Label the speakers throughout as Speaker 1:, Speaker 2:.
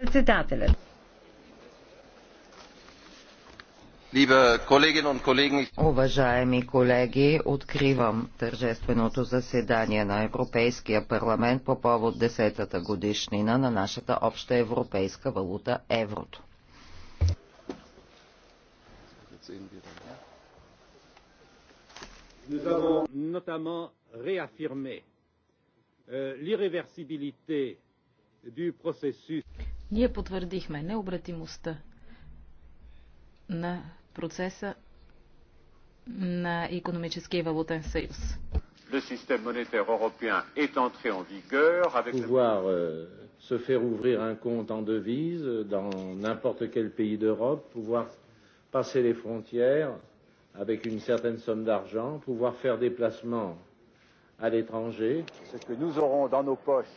Speaker 1: Председателят.
Speaker 2: Уважаеми колеги, откривам тържественото заседание на Европейския парламент по повод 10-та годишнина на нашата обща европейска валута еврото.
Speaker 3: Ние потвърдихме необратимостта на процеса на економическия валутен съюз.
Speaker 4: Le système monétaire européen est entré en
Speaker 1: vigueur avec pouvoir euh, se faire ouvrir un compte en devise dans n'importe quel pays d'Europe, pouvoir passer les frontières avec une certaine somme d'argent, pouvoir faire des placements à l'étranger. Ce que nous aurons dans nos poches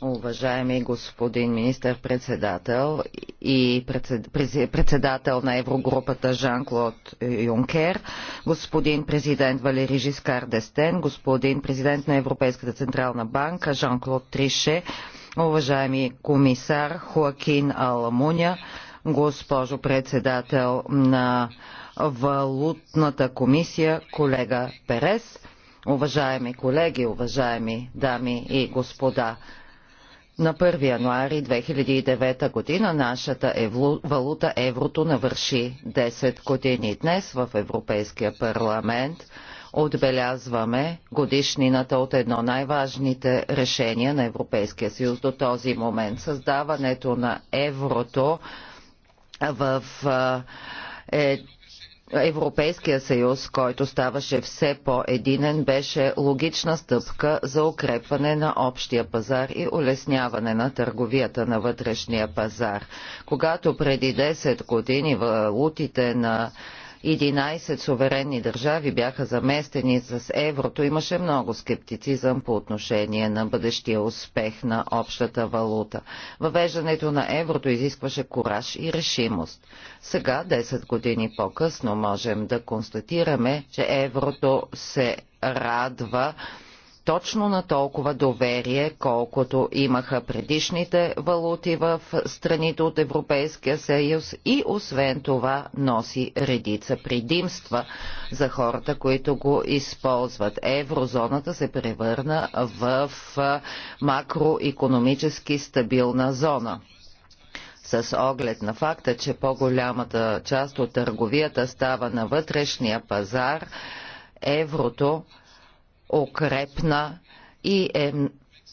Speaker 2: Уважаеми господин министър-председател и председател на Еврогрупата Жан-Клод Юнкер, господин президент Валери Жискар Дестен, господин президент на Европейската централна банка Жан-Клод Трише, уважаеми комисар Хоакин Аламуня, госпожо председател на Валутната комисия, колега Перес, уважаеми колеги, уважаеми дами и господа. На 1 януари 2009 година нашата евро, валута еврото навърши 10 години. Днес в Европейския парламент отбелязваме годишнината от едно най-важните решения на Европейския съюз до този момент. Създаването на еврото в е, Европейския съюз, който ставаше все по-единен, беше логична стъпка за укрепване на общия пазар и улесняване на търговията на вътрешния пазар. Когато преди 10 години валутите на 11 суверенни държави бяха заместени с еврото, имаше много скептицизъм по отношение на бъдещия успех на общата валута. Въвеждането на еврото изискваше кураж и решимост. Сега, 10 години по-късно, можем да констатираме, че еврото се радва точно на толкова доверие, колкото имаха предишните валути в страните от Европейския съюз и освен това носи редица предимства за хората, които го използват. Еврозоната се превърна в макроекономически стабилна зона с оглед на факта, че по-голямата част от търговията става на вътрешния пазар, еврото укрепна и е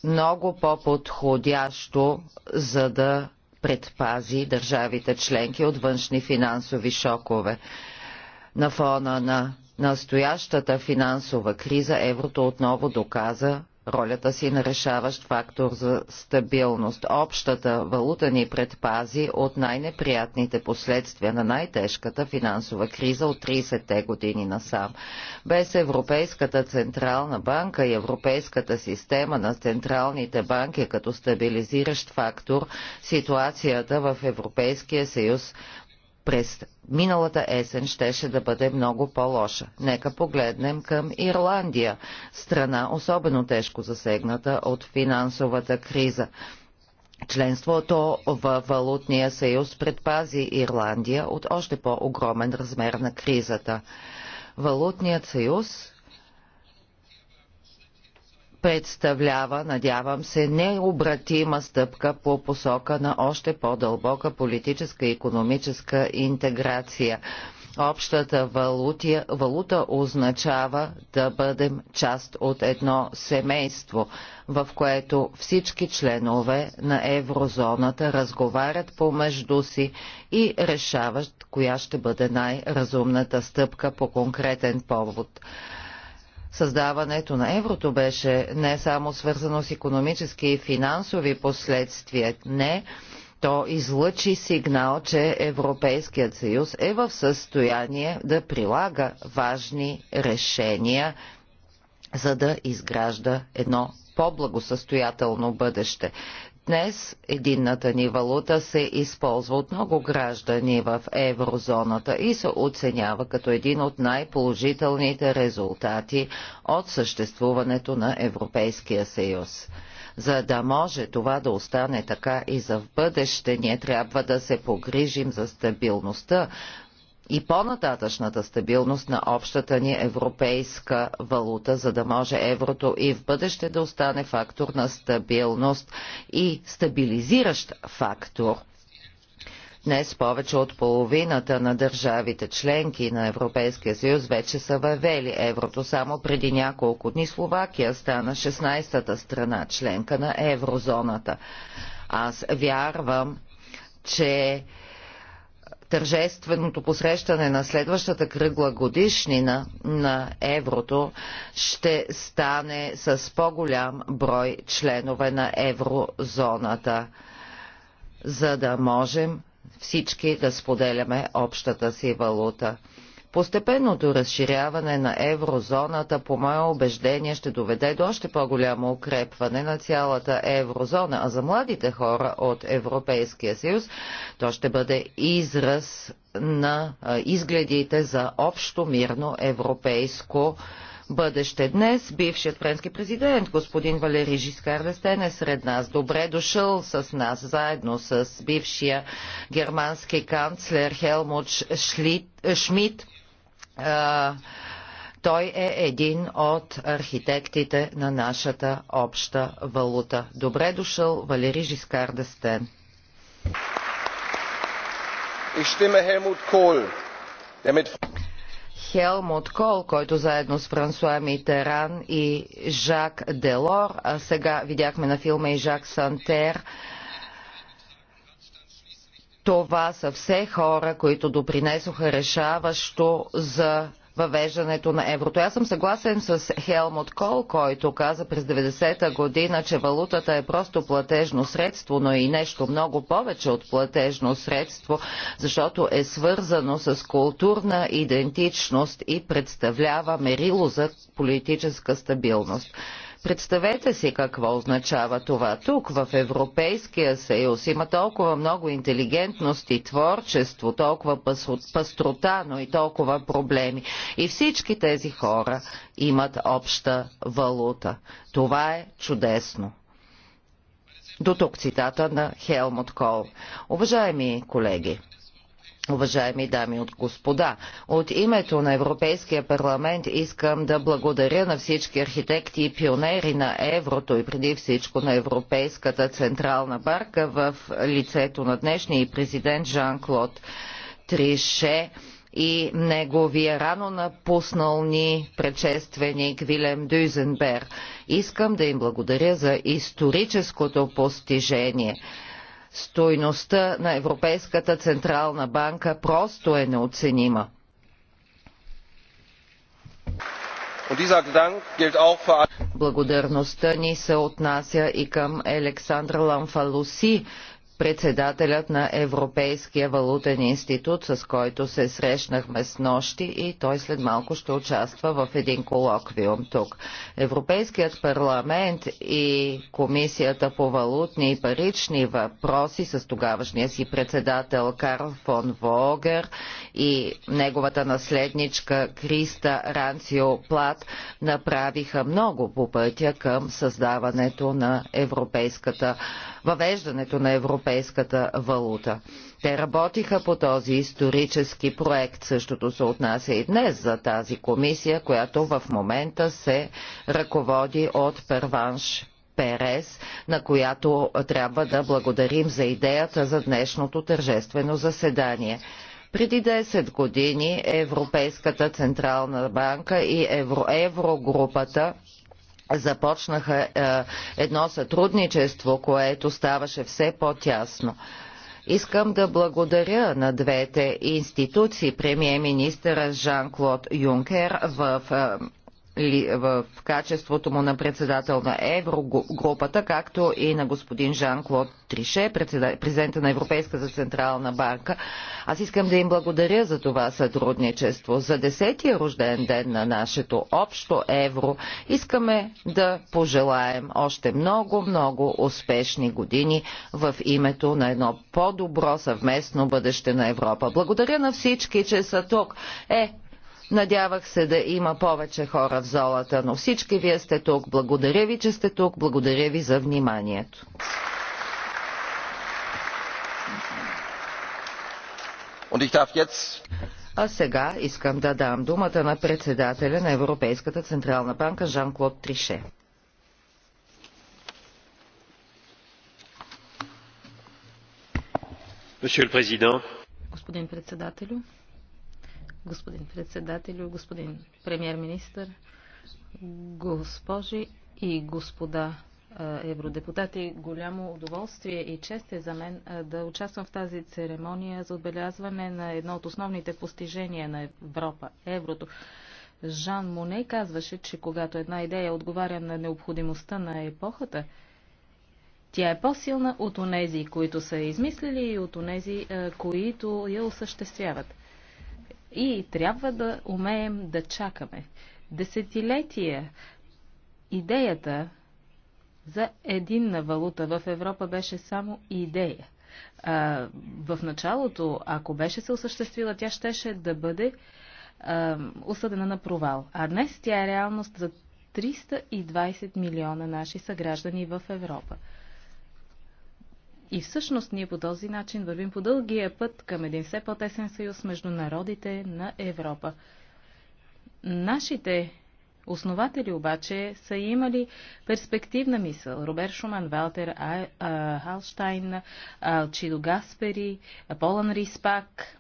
Speaker 2: много по-подходящо, за да предпази държавите членки от външни финансови шокове. На фона на настоящата финансова криза еврото отново доказа ролята си на решаващ фактор за стабилност. Общата валута ни предпази от най-неприятните последствия на най-тежката финансова криза от 30-те години насам. Без Европейската централна банка и Европейската система на централните банки като стабилизиращ фактор, ситуацията в Европейския съюз през миналата есен щеше да бъде много по-лоша. Нека погледнем към Ирландия, страна особено тежко засегната от финансовата криза. Членството в Валутния съюз предпази Ирландия от още по-огромен размер на кризата. Валутният съюз представлява, надявам се, необратима стъпка по посока на още по-дълбока политическа и економическа интеграция. Общата валутия, валута означава да бъдем част от едно семейство, в което всички членове на еврозоната разговарят помежду си и решават коя ще бъде най-разумната стъпка по конкретен повод. Създаването на еврото беше не само свързано с економически и финансови последствия, не, то излъчи сигнал, че Европейският съюз е в състояние да прилага важни решения, за да изгражда едно по-благосъстоятелно бъдеще. Днес единната ни валута се използва от много граждани в еврозоната и се оценява като един от най-положителните резултати от съществуването на Европейския съюз. За да може това да остане така и за в бъдеще, ние трябва да се погрижим за стабилността и по-нататъчната стабилност на общата ни европейска валута, за да може еврото и в бъдеще да остане фактор на стабилност и стабилизиращ фактор. Днес повече от половината на държавите членки на Европейския съюз вече са въвели еврото. Само преди няколко дни Словакия стана 16-та страна членка на еврозоната. Аз вярвам, че тържественото посрещане на следващата кръгла годишнина на еврото ще стане с по-голям брой членове на еврозоната, за да можем всички да споделяме общата си валута. Постепенното разширяване на еврозоната, по мое убеждение, ще доведе до още по-голямо укрепване на цялата еврозона, а за младите хора от Европейския съюз то ще бъде израз на изгледите за общо мирно европейско бъдеще. Днес бившият френски президент, господин Валери Жискар Лестен е сред нас. Добре дошъл с нас, заедно с бившия германски канцлер Хелмут Шмидт той е един от архитектите на нашата обща валута. Добре дошъл, Валери Жискар Дестен. Хелмут Кол, който заедно с Франсуа Митеран и Жак Делор, а сега видяхме на филма и Жак Сантер, това са все хора, които допринесоха решаващо за въвеждането на еврото. Аз съм съгласен с Хелмут Кол, който каза през 90-та година, че валутата е просто платежно средство, но и нещо много повече от платежно средство, защото е свързано с културна идентичност и представлява мерило за политическа стабилност. Представете си какво означава това. Тук в Европейския съюз има толкова много интелигентност и творчество, толкова пастрота, но и толкова проблеми. И всички тези хора имат обща валута. Това е чудесно. До тук цитата на Хелмут Кол. Уважаеми колеги, Уважаеми дами от господа, от името на Европейския парламент искам да благодаря на всички архитекти и пионери на еврото и преди всичко на Европейската централна барка в лицето на днешния президент Жан-Клод Трише и неговия рано напуснал ни предшественик Вилем Дюзенбер. Искам да им благодаря за историческото постижение – стойността на Европейската централна банка просто е неоценима. Благодарността ни се отнася и към Александър Ламфалуси, председателят на Европейския валутен институт, с който се срещнахме с нощи и той след малко ще участва в един колоквиум тук. Европейският парламент и Комисията по валутни и парични въпроси с тогавашния си председател Карл фон Вогер и неговата наследничка Криста Ранцио Плат направиха много по пътя към създаването на европейската, въвеждането на европейската европейската валута. Те работиха по този исторически проект. Същото се отнася и днес за тази комисия, която в момента се ръководи от Перванш Перес, на която трябва да благодарим за идеята за днешното тържествено заседание. Преди 10 години Европейската централна банка и евро, Еврогрупата започнаха е, едно сътрудничество, което ставаше все по-тясно. Искам да благодаря на двете институции, премиер-министъра Жан-Клод Юнкер в е, в качеството му на председател на Еврогрупата, както и на господин Жан-Клод Трише, президента на Европейската централна банка. Аз искам да им благодаря за това сътрудничество. За десетия рожден ден на нашето общо евро искаме да пожелаем още много, много успешни години в името на едно по-добро съвместно бъдеще на Европа. Благодаря на всички, че са тук. Е, Надявах се да има повече хора в залата, но всички вие сте тук. Благодаря ви, че сте тук. Благодаря ви за вниманието. А сега искам да дам думата на председателя на Европейската Централна банка Жан-Клод Трише. Господин
Speaker 3: председателю, господин председател, господин премьер-министр, госпожи и господа евродепутати. Голямо удоволствие и чест е за мен да участвам в тази церемония за отбелязване на едно от основните постижения на Европа – еврото. Жан Моне казваше, че когато една идея отговаря на необходимостта на епохата, тя е по-силна от онези, които са измислили и от онези, които я осъществяват. И трябва да умеем да чакаме. Десетилетия идеята за единна валута в Европа беше само идея. А, в началото, ако беше се осъществила, тя щеше да бъде а, осъдена на провал. А днес тя е реалност за 320 милиона наши съграждани в Европа. И всъщност ние по този начин вървим по дългия път към един все по-тесен съюз между народите на Европа. Нашите основатели обаче са имали перспективна мисъл. Робер Шуман, Валтер Халштайн, Алчидо Гаспери, Полан Риспак.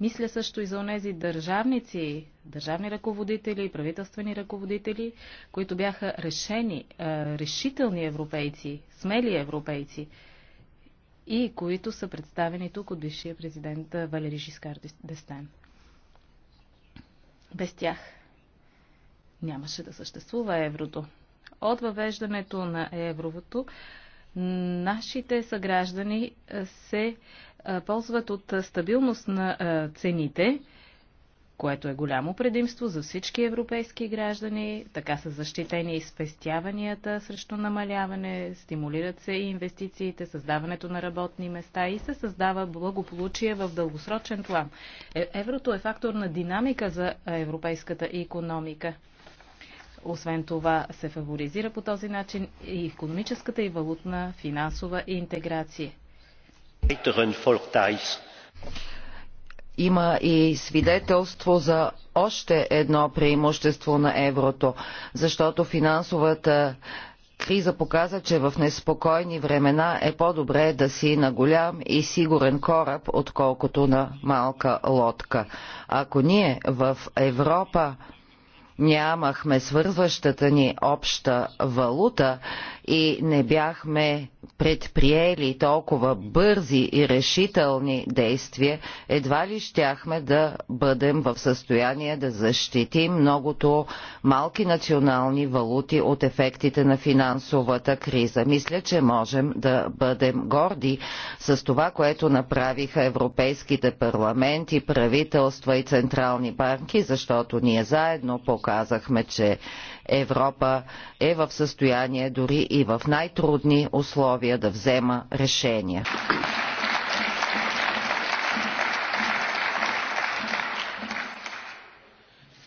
Speaker 3: Мисля също и за онези държавници, държавни ръководители и правителствени ръководители, които бяха решени, решителни европейци, смели европейци – и които са представени тук от бившия президент Валери Жискар Дестен. Без тях нямаше да съществува еврото. От въвеждането на евровото нашите съграждани се ползват от стабилност на цените, което е голямо предимство за всички европейски граждани. Така са защитени и спестяванията срещу намаляване, стимулират се и инвестициите, създаването на работни места и се създава благополучие в дългосрочен план. Е, еврото е фактор на динамика за европейската економика. Освен това се фаворизира по този начин и економическата и валутна
Speaker 2: финансова интеграция. Има и свидетелство за още едно преимущество на еврото, защото финансовата криза показа, че в неспокойни времена е по-добре да си на голям и сигурен кораб, отколкото на малка лодка. Ако ние в Европа нямахме свързващата ни обща валута и не бяхме предприели толкова бързи и решителни действия, едва ли щяхме да бъдем в състояние да защитим многото малки национални валути от ефектите на финансовата криза. Мисля, че можем да бъдем горди с това, което направиха европейските парламенти, правителства и централни банки, защото ние заедно показваме, показахме, че Европа е в състояние дори и в най-трудни условия да взема решения.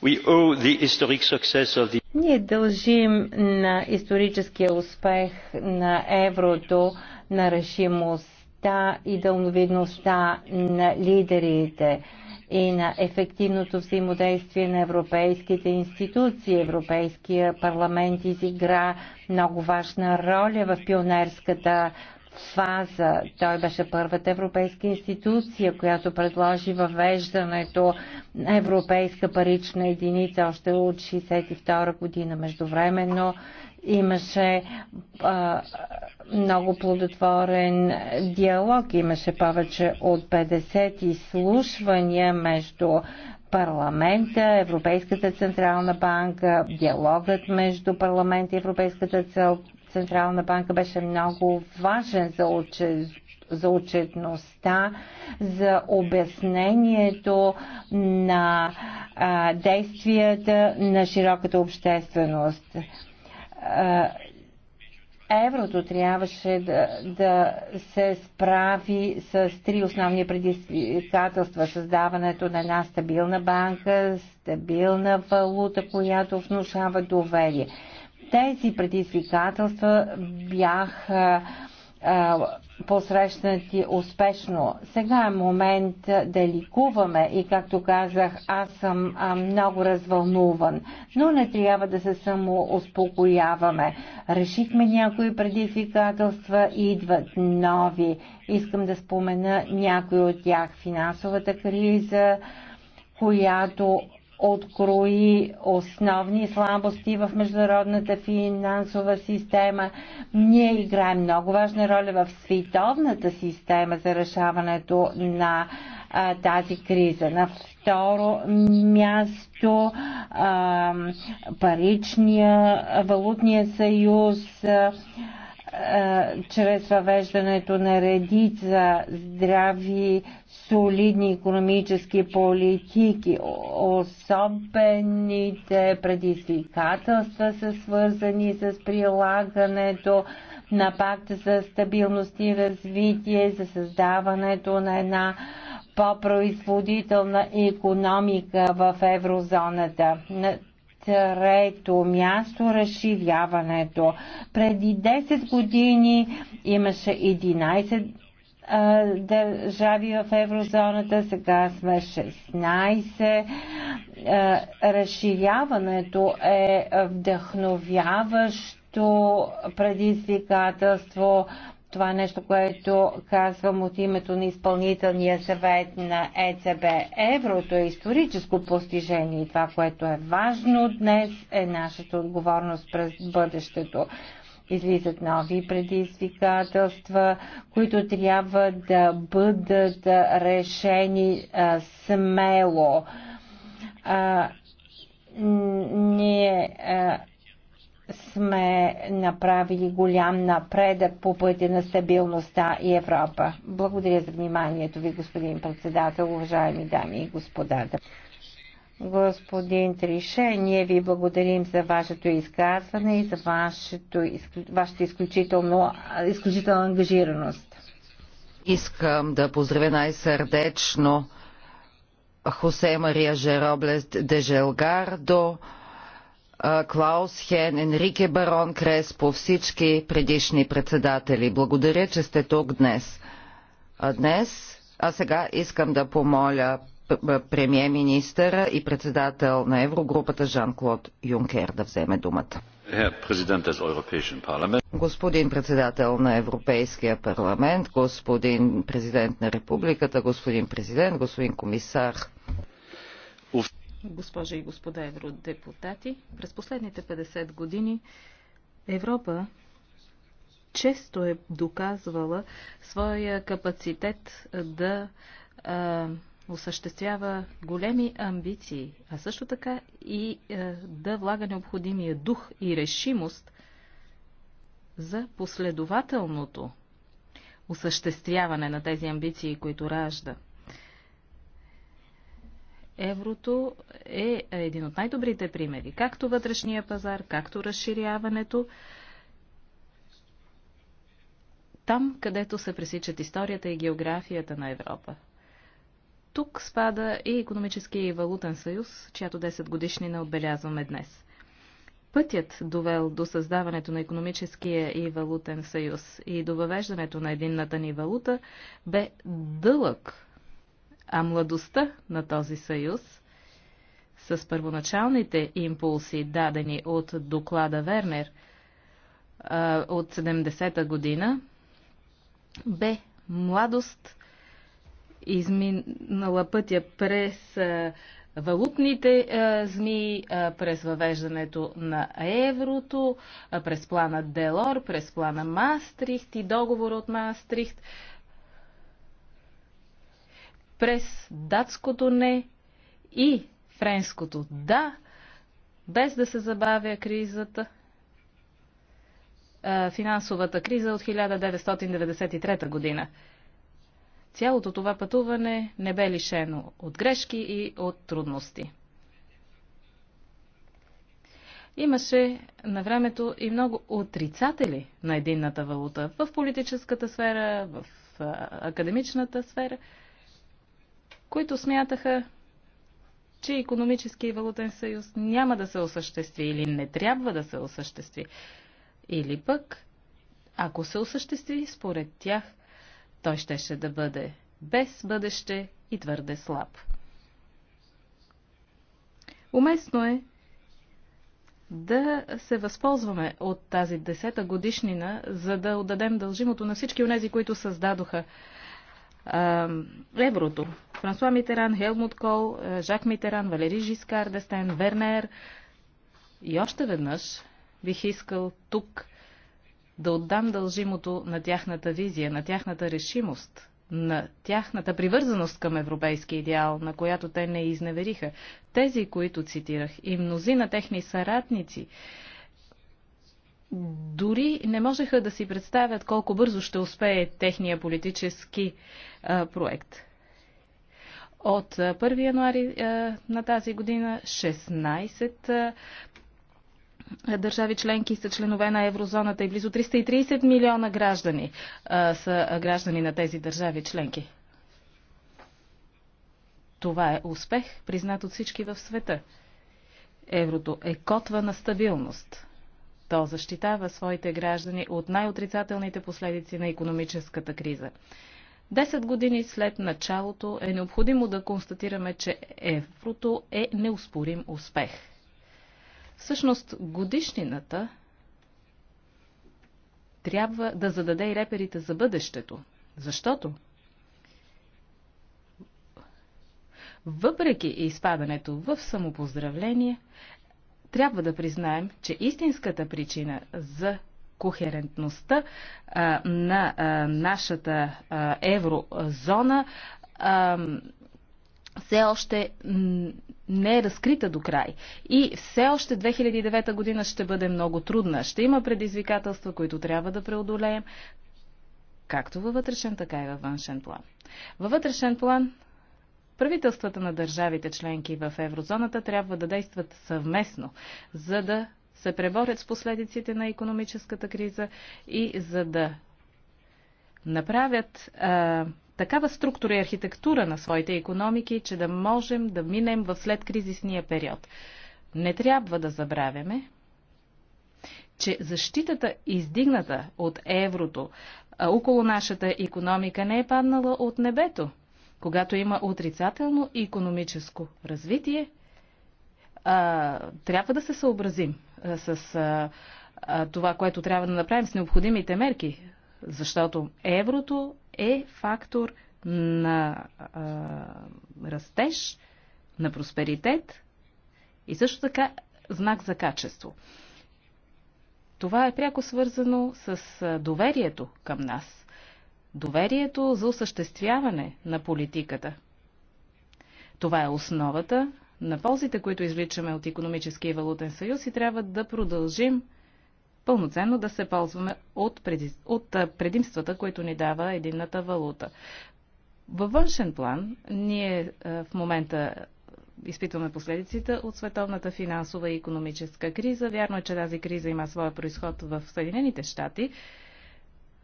Speaker 3: The...
Speaker 1: Ние дължим на историческия успех на еврото, на решимостта и дълновидността на лидерите и на ефективното взаимодействие на европейските институции. Европейския парламент изигра много важна роля в пионерската фаза. Той беше първата европейска институция, която предложи въвеждането на европейска парична единица още от 1962 година. Междувременно имаше а, много плодотворен диалог, имаше повече от 50 изслушвания между парламента, Европейската централна банка, диалогът между парламент и Европейската централна банка беше много важен за учез за отчетността, за обяснението на а, действията на широката общественост еврото трябваше да, да се справи с три основни предизвикателства. Създаването на една стабилна банка, стабилна валута, която внушава доверие. Тези предизвикателства бяха посрещнати успешно. Сега е момент да ликуваме и както казах, аз съм много развълнуван, но не трябва да се само успокояваме. Решихме някои предизвикателства и идват нови. Искам да спомена някои от тях. Финансовата криза, която открои основни слабости в международната финансова система. Ние играем много важна роля в световната система за решаването на а, тази криза. На второ място а, паричния валутния съюз. А, чрез въвеждането на редица здрави солидни економически политики. Особените предизвикателства са свързани с прилагането на пакта за стабилност и развитие, за създаването на една по-производителна економика в еврозоната. На трето място разширяването. Преди 10 години имаше 11 държави в еврозоната, сега сме 16. Разширяването е вдъхновяващо предизвикателство. Това е нещо, което казвам от името на изпълнителния съвет на ЕЦБ. Еврото е историческо постижение и това, което е важно днес, е нашата отговорност през бъдещето излизат нови предизвикателства, които трябва да бъдат решени а, смело. А, ние а, сме направили голям напредък по пътя на стабилността и Европа. Благодаря за вниманието ви, господин председател, уважаеми дами и господа. Господин Трише, ние ви благодарим за вашето изказване и за вашето, вашето изключително,
Speaker 2: изключителна ангажираност. Искам да поздравя най-сърдечно Хосе Мария Жероблес де Желгардо, Клаус Хен, Енрике Барон Крес, по всички предишни председатели. Благодаря, че сте тук днес. А днес, а сега искам да помоля премьер министър и председател на Еврогрупата Жан-Клод Юнкер да вземе думата. Господин председател на Европейския парламент, господин президент на републиката, господин президент, господин комисар.
Speaker 3: Госпожи и господа евродепутати, през последните 50 години Европа често е доказвала своя капацитет да а, осъществява големи амбиции, а също така и е, да влага необходимия дух и решимост за последователното осъществяване на тези амбиции, които ражда. Еврото е един от най-добрите примери, както вътрешния пазар, както разширяването. Там, където се пресичат историята и географията на Европа. Тук спада и економическия и валутен съюз, чиято 10 годишни не отбелязваме днес. Пътят, довел до създаването на економическия и валутен съюз и до въвеждането на единната ни валута, бе дълъг, а младостта на този съюз – с първоначалните импулси, дадени от доклада Вернер от 70-та година, бе младост изминала пътя през валутните змии, през въвеждането на еврото, през плана Делор, през плана Мастрихт и договор от Мастрихт, през датското не и френското да, без да се забавя кризата, финансовата криза от 1993 година. Цялото това пътуване не бе лишено от грешки и от трудности. Имаше на времето и много отрицатели на единната валута в политическата сфера, в академичната сфера, които смятаха, че економически и валутен съюз няма да се осъществи или не трябва да се осъществи. Или пък, ако се осъществи, според тях – той щеше да бъде без бъдеще и твърде слаб. Уместно е да се възползваме от тази десета годишнина, за да отдадем дължимото на всички онези, които създадоха а, еврото. Франсуа Митеран, Хелмут Кол, е, Жак Митеран, Валери Жискар, Дестен, Вернер. И още веднъж бих искал тук да отдам дължимото на тяхната визия, на тяхната решимост, на тяхната привързаност към европейския идеал, на която те не изневериха. Тези, които цитирах, и мнози на техни съратници, дори не можеха да си представят колко бързо ще успее техния политически а, проект. От 1 януари а, на тази година 16 държави членки са членове на еврозоната и близо 330 милиона граждани а, са граждани на тези държави членки. Това е успех, признат от всички в света. Еврото е котва на стабилност. То защитава своите граждани от най-отрицателните последици на економическата криза. Десет години след началото е необходимо да констатираме, че еврото е неуспорим успех – Всъщност годишнината трябва да зададе и реперите за бъдещето. Защото въпреки изпадането в самопоздравление, трябва да признаем, че истинската причина за кохерентността а, на а, нашата а, еврозона а, все още не е разкрита до край. И все още 2009 година ще бъде много трудна. Ще има предизвикателства, които трябва да преодолеем, както във вътрешен, така и във външен план. Във вътрешен план правителствата на държавите членки в еврозоната трябва да действат съвместно, за да се преборят с последиците на економическата криза и за да направят а, такава структура и архитектура на своите економики, че да можем да минем в следкризисния период. Не трябва да забравяме, че защитата, издигната от еврото около нашата економика, не е паднала от небето. Когато има отрицателно економическо развитие, а, трябва да се съобразим а, с а, а, това, което трябва да направим с необходимите мерки, защото еврото е фактор на а, растеж, на просперитет и също така знак за качество. Това е пряко свързано с доверието към нас. Доверието за осъществяване на политиката. Това е основата на ползите, които извличаме от економическия и валутен съюз и трябва да продължим пълноценно да се ползваме от, преди, от предимствата, които ни дава единната валута. Във външен план ние в момента изпитваме последиците от световната финансова и економическа криза. Вярно е, че тази криза има своя происход в Съединените щати,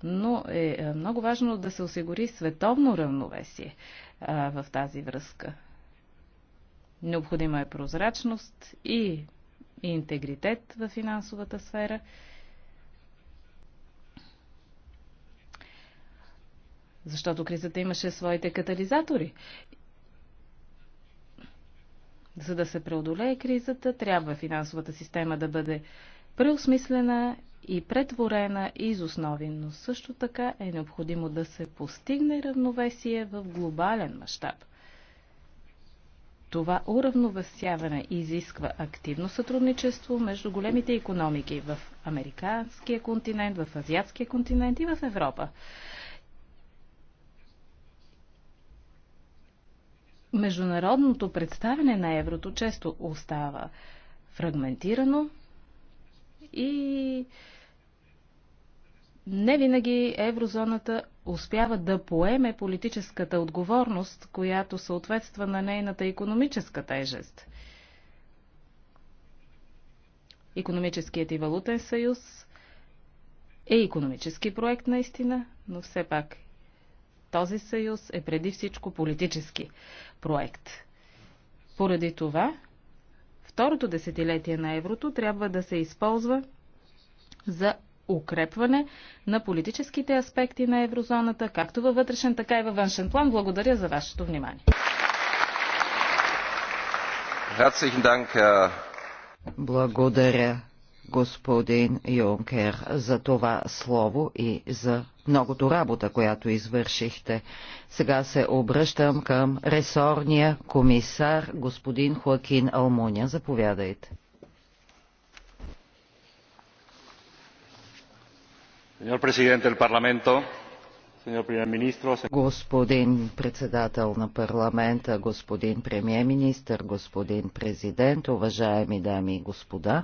Speaker 3: но е, е много важно да се осигури световно равновесие в тази връзка. Необходима е прозрачност и и интегритет в финансовата сфера. Защото кризата имаше своите катализатори. За да се преодолее кризата, трябва финансовата система да бъде преосмислена и претворена из основи, но също така е необходимо да се постигне равновесие в глобален мащаб – това уравновесяване изисква активно сътрудничество между големите економики в американския континент, в азиатския континент и в Европа. Международното представяне на еврото често остава фрагментирано и не винаги еврозоната успява да поеме политическата отговорност, която съответства на нейната економическа тежест. Економическият и валутен съюз е економически проект наистина, но все пак този съюз е преди всичко политически проект. Поради това, второто десетилетие на еврото трябва да се използва за укрепване на политическите аспекти на еврозоната, както във вътрешен, така и във външен план. Благодаря за вашето внимание.
Speaker 2: Благодаря, господин Юнкер, за това слово и за многото работа, която извършихте. Сега се обръщам към ресорния комисар господин Хоакин Алмуня. Заповядайте. Господин председател на парламента, господин премьер министър, господин президент, уважаеми дами и господа!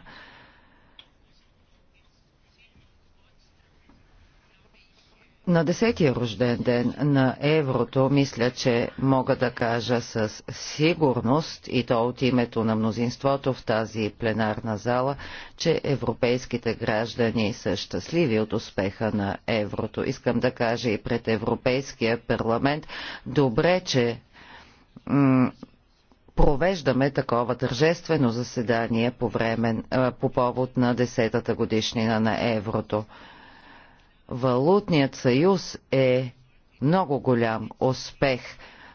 Speaker 2: на десетия рожден ден на еврото, мисля, че мога да кажа с сигурност, и то от името на мнозинството в тази пленарна зала, че европейските граждани са щастливи от успеха на еврото. Искам да кажа и пред Европейския парламент, добре, че провеждаме такова тържествено заседание по, време, по повод на десетата годишнина на еврото. Валутният съюз е много голям успех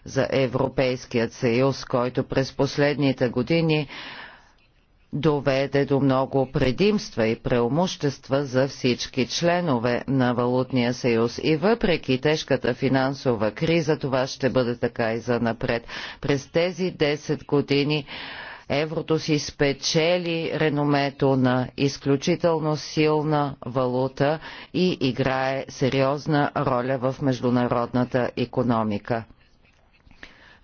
Speaker 2: за Европейският съюз, който през последните години доведе до много предимства и преимущества за всички членове на Валутния съюз. И въпреки тежката финансова криза, това ще бъде така и за напред. През тези 10 години еврото си спечели реномето на изключително силна валута и играе сериозна роля в международната економика.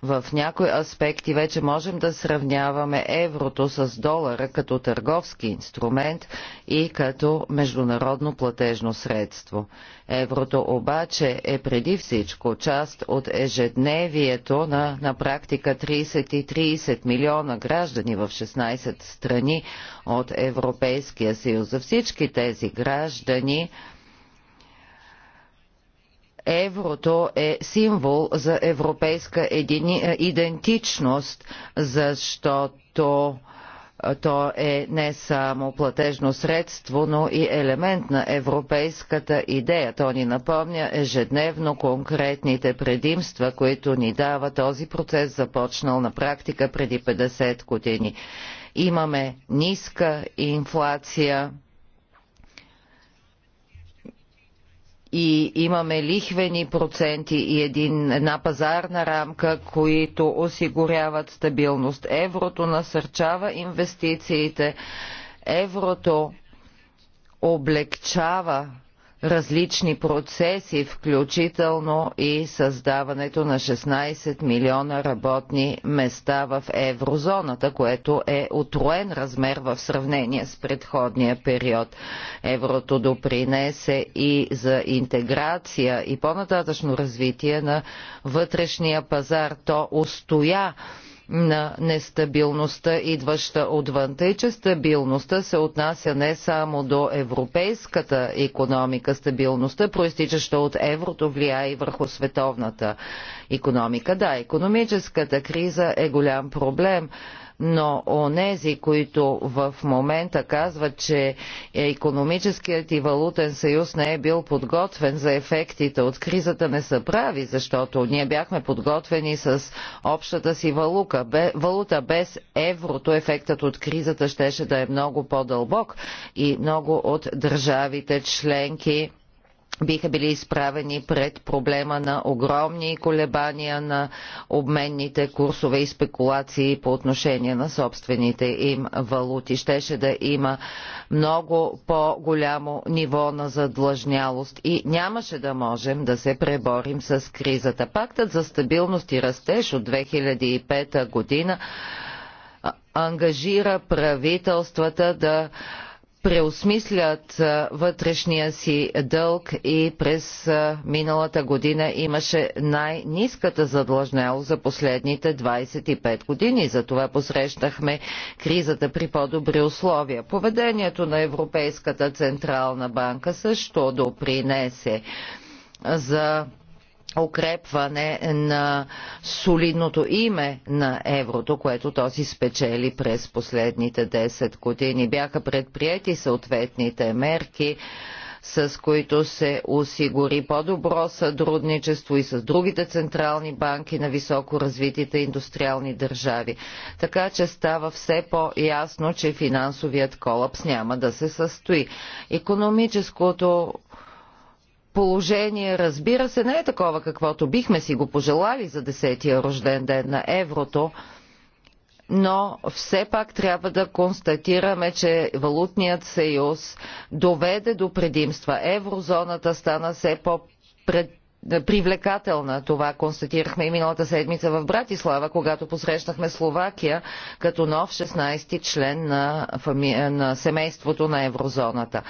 Speaker 2: В някои аспекти вече можем да сравняваме еврото с долара като търговски инструмент и като международно платежно средство. Еврото обаче е преди всичко част от ежедневието на, на практика 30 30 милиона граждани в 16 страни от Европейския съюз. За всички тези граждани Еврото е символ за европейска едини, е, идентичност, защото е, то е не само платежно средство, но и елемент на европейската идея. То ни напомня ежедневно конкретните предимства, които ни дава този процес, започнал на практика преди 50 години. Имаме ниска инфлация, и имаме лихвени проценти и един, една пазарна рамка, които осигуряват стабилност. Еврото насърчава инвестициите, еврото облегчава различни процеси, включително и създаването на 16 милиона работни места в еврозоната, което е отроен размер в сравнение с предходния период. Еврото допринесе и за интеграция и по-нататъчно развитие на вътрешния пазар. То устоя на нестабилността, идваща отвън. Тъй, че стабилността се отнася не само до европейската економика. Стабилността, проистичаща от еврото, влияе и върху световната економика. Да, економическата криза е голям проблем но онези, които в момента казват, че економическият и валутен съюз не е бил подготвен за ефектите от кризата, не са прави, защото ние бяхме подготвени с общата си валука. валута. Без еврото ефектът от кризата щеше да е много по-дълбок и много от държавите членки биха били изправени пред проблема на огромни колебания на обменните курсове и спекулации по отношение на собствените им валути. Щеше да има много по-голямо ниво на задлъжнялост и нямаше да можем да се преборим с кризата. Пактът за стабилност и растеж от 2005 година ангажира правителствата да преосмислят вътрешния си дълг и през миналата година имаше най-ниската задлъжнял за последните 25 години. Затова посрещнахме кризата при по-добри условия. Поведението на Европейската централна банка също допринесе за укрепване на солидното име на еврото, което този спечели през последните 10 години. Бяха предприяти съответните мерки с които се осигури по-добро сътрудничество и с другите централни банки на високо развитите индустриални държави. Така че става все по-ясно, че финансовият колапс няма да се състои. Економическото положение, разбира се, не е такова, каквото бихме си го пожелали за 10 рожден ден на еврото, но все пак трябва да констатираме, че валутният съюз доведе до предимства. Еврозоната стана все по привлекателна. Това констатирахме и миналата седмица в Братислава, когато посрещнахме Словакия като нов 16 ти член на, фами... на семейството на еврозоната.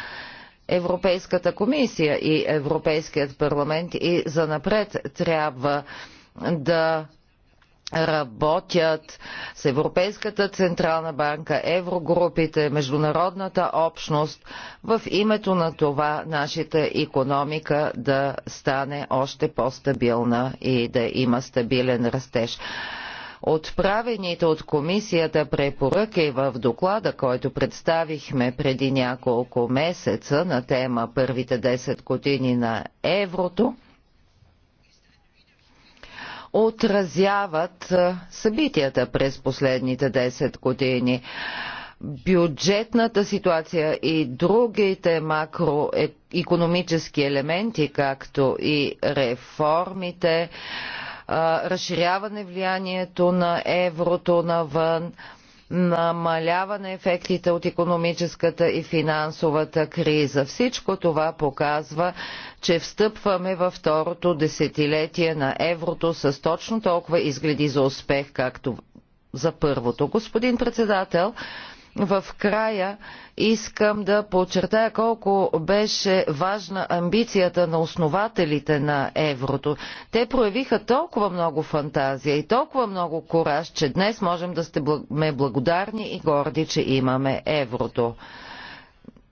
Speaker 2: Европейската комисия и Европейският парламент и занапред трябва да работят с Европейската Централна банка, еврогрупите, международната общност в името на това нашата економика да стане още по-стабилна и да има стабилен растеж. Отправените от комисията препоръки в доклада, който представихме преди няколко месеца на тема първите 10 години на еврото, отразяват събитията през последните 10 години. Бюджетната ситуация и другите макроекономически елементи, както и реформите, разширяване влиянието на еврото навън, намаляване ефектите от економическата и финансовата криза. Всичко това показва, че встъпваме във второто десетилетие на еврото с точно толкова изгледи за успех, както за първото. Господин председател, в края искам да подчертая колко беше важна амбицията на основателите на еврото. Те проявиха толкова много фантазия и толкова много кораж, че днес можем да сме благодарни и горди, че имаме еврото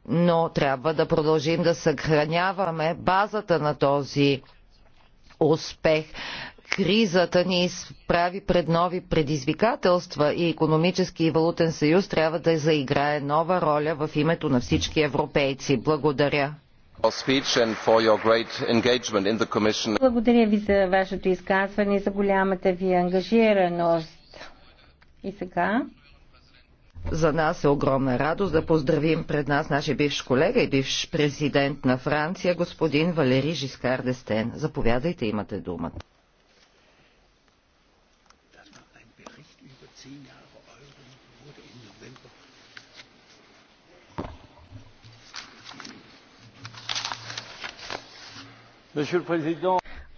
Speaker 2: но трябва да продължим да съхраняваме базата на този успех кризата ни изправи пред нови предизвикателства и економически и валутен съюз трябва да заиграе нова роля в името на всички европейци. Благодаря.
Speaker 1: Благодаря ви за вашето изказване и за голямата ви ангажираност. И сега
Speaker 2: за нас е огромна радост да поздравим пред нас нашия бивш колега и бивш президент на Франция, господин Валери Жискар Дестен. Заповядайте, имате думата.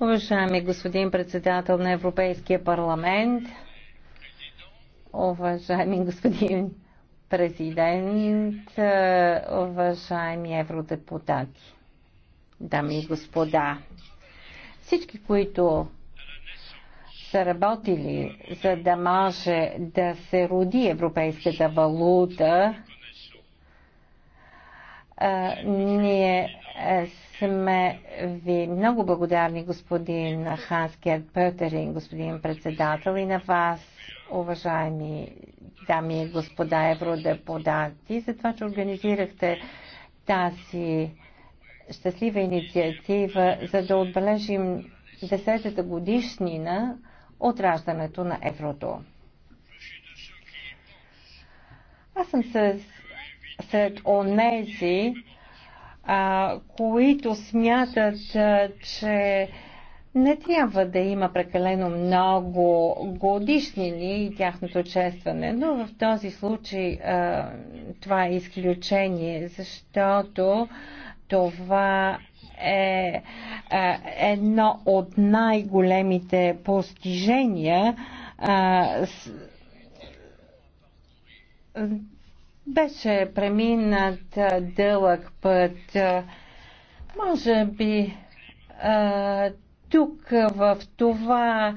Speaker 1: Уважаеми господин председател на Европейския парламент, уважаеми господин президент, уважаеми евродепутати, дами и господа, всички, които са работили за да може да се роди европейската валута, ние сме ви много благодарни, господин Ханският Пъртерин, господин председател и на вас, уважаеми дами и господа евродепутати, за това, че организирахте тази щастлива инициатива, за да отбележим 10-та годишнина от раждането на еврото. Аз съм с, сред онези, а, които смятат, а, че не трябва да има прекалено много годишни ли тяхното честване, но в този случай а, това е изключение, защото това е а, едно от най-големите постижения. А, с, беше преминат дълъг път. Може би тук в това,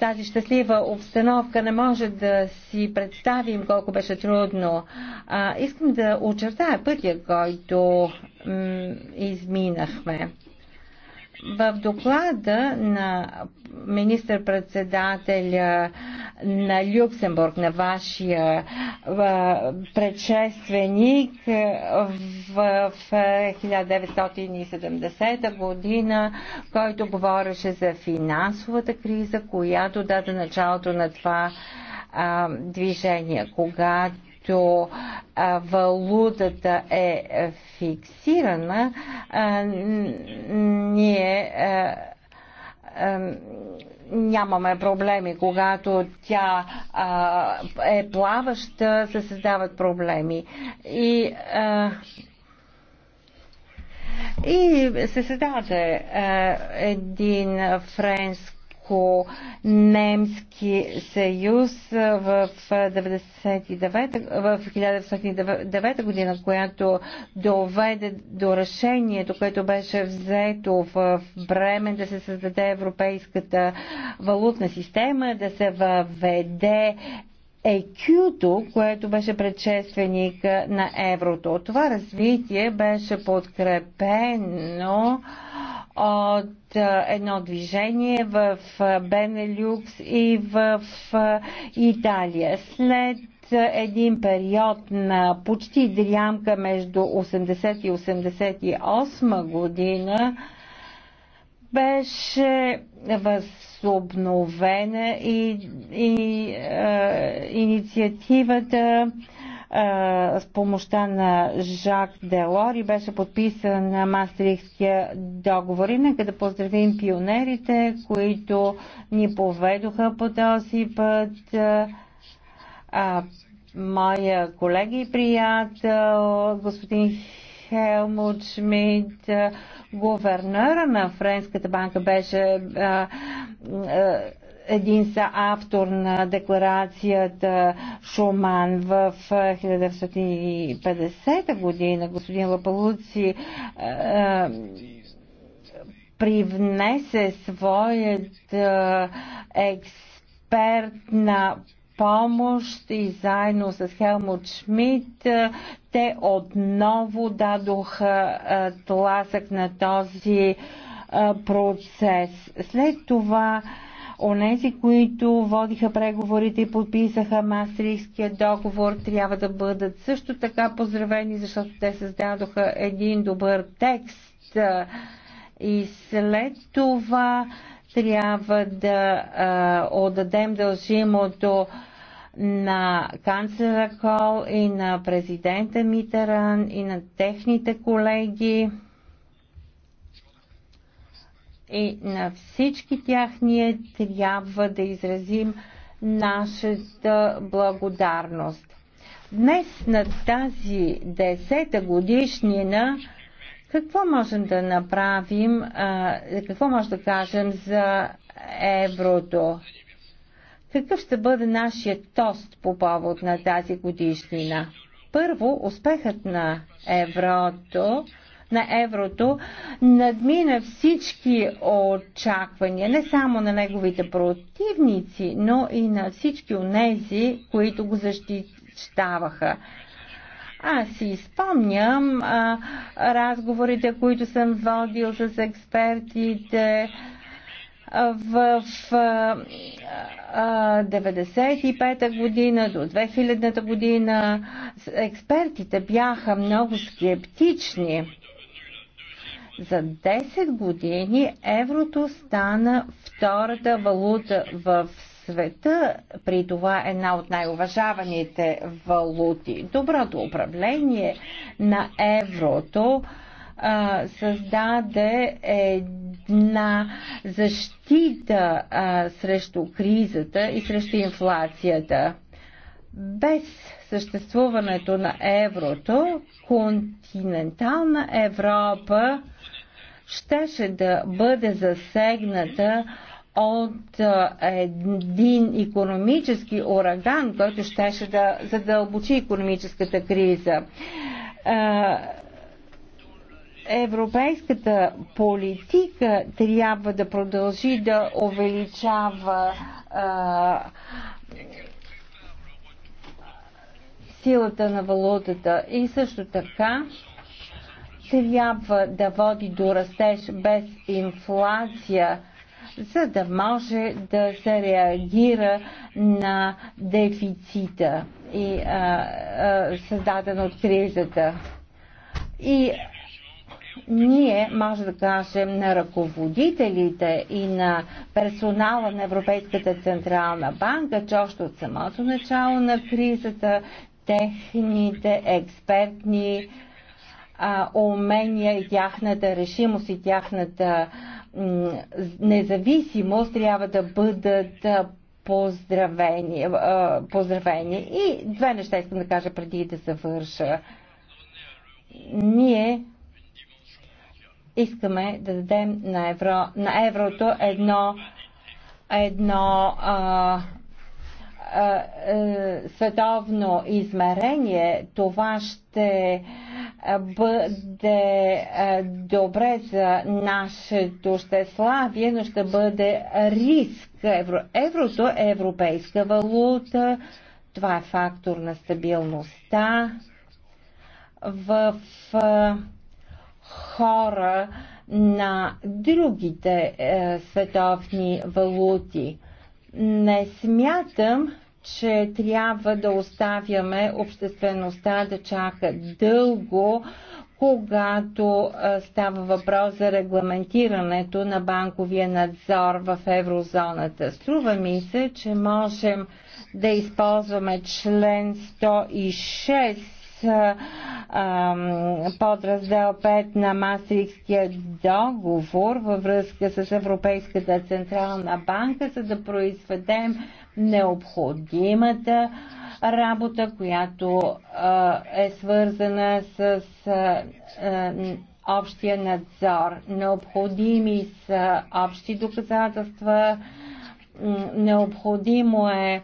Speaker 1: тази щастлива обстановка не може да си представим колко беше трудно. искам да очертая пътя, който изминахме. В доклада на министър-председателя на Люксембург, на вашия предшественик в 1970 година, който говореше за финансовата криза, която даде началото на това движение, когато като валутата е фиксирана, ние нямаме проблеми. Когато тя е плаваща, се създават проблеми. И, и се създаде един френски немски съюз в, 99, в 1909 година, която доведе до решението, което беше взето в Бремен да се създаде европейската валутна система, да се въведе ЕКЮ-то, което беше предшественик на еврото. Това развитие беше подкрепено от едно движение в Бенелюкс и в Италия. След един период на почти дрямка между 80 и 88 година беше въз обновена и, и е, инициативата е, с помощта на Жак Делори беше подписан на Мастрихския договор. И нека да поздравим пионерите, които ни поведоха по този път. Е, е, моя колега и приятел, господин Хелмут Шмидт, Гувернера на Френската банка беше а, а, един автор на декларацията Шуман в 1950 година. Господин Лапалуци а, привнесе своят експертна помощ и заедно с Хелмут Шмидт те отново дадоха тласък на този процес. След това Онези, които водиха преговорите и подписаха Мастрихския договор, трябва да бъдат също така поздравени, защото те създадоха един добър текст. И след това трябва да а, отдадем дължимото на канцлера Кол и на президента Митеран и на техните колеги и на всички тях ние трябва да изразим нашата благодарност. Днес на тази десета годишнина какво можем да направим, а, какво може да кажем за еврото? Какъв ще бъде нашия тост по повод на тази годишнина? Първо, успехът на еврото на еврото надмина всички очаквания, не само на неговите противници, но и на всички онези, които го защитаваха. Аз си спомням а, разговорите, които съм водил с експертите в, 1995 95-та година до 2000-та година експертите бяха много скептични. За 10 години еврото стана втората валута в света, при това една от най-уважаваните валути. Доброто управление на еврото а, създаде една защита а, срещу кризата и срещу инфлацията. Без съществуването на еврото, континентална Европа щеше да бъде засегната от един економически ураган, който щеше да задълбочи економическата криза. Европейската политика трябва да продължи да увеличава силата на валутата и също така трябва да води до растеж без инфлация за да може да се реагира на дефицита и а, а, създаден от кризата. И ние може да кажем на ръководителите и на персонала на Европейската централна банка, че още от самото начало на кризата техните експертни а, умения и тяхната решимост и тяхната независимост трябва да бъдат поздравени, поздравени. И две неща искам да кажа преди да завърша. Ние искаме да дадем на, евро, на еврото едно, едно а, е, е, световно измерение, това ще бъде е, добре за нашето щеславие, но ще бъде риск. Евро, еврото е европейска валута, това е фактор на стабилността в хора на другите е, световни валути. Не смятам, че трябва да оставяме обществеността да чака дълго, когато става въпрос за регламентирането на банковия надзор в еврозоната. Струва ми се, че можем да използваме член 106 подраздел 5 на Мастрикския договор във връзка с Европейската централна банка, за да произведем необходимата работа, която е свързана с общия надзор. Необходими са общи доказателства, необходимо е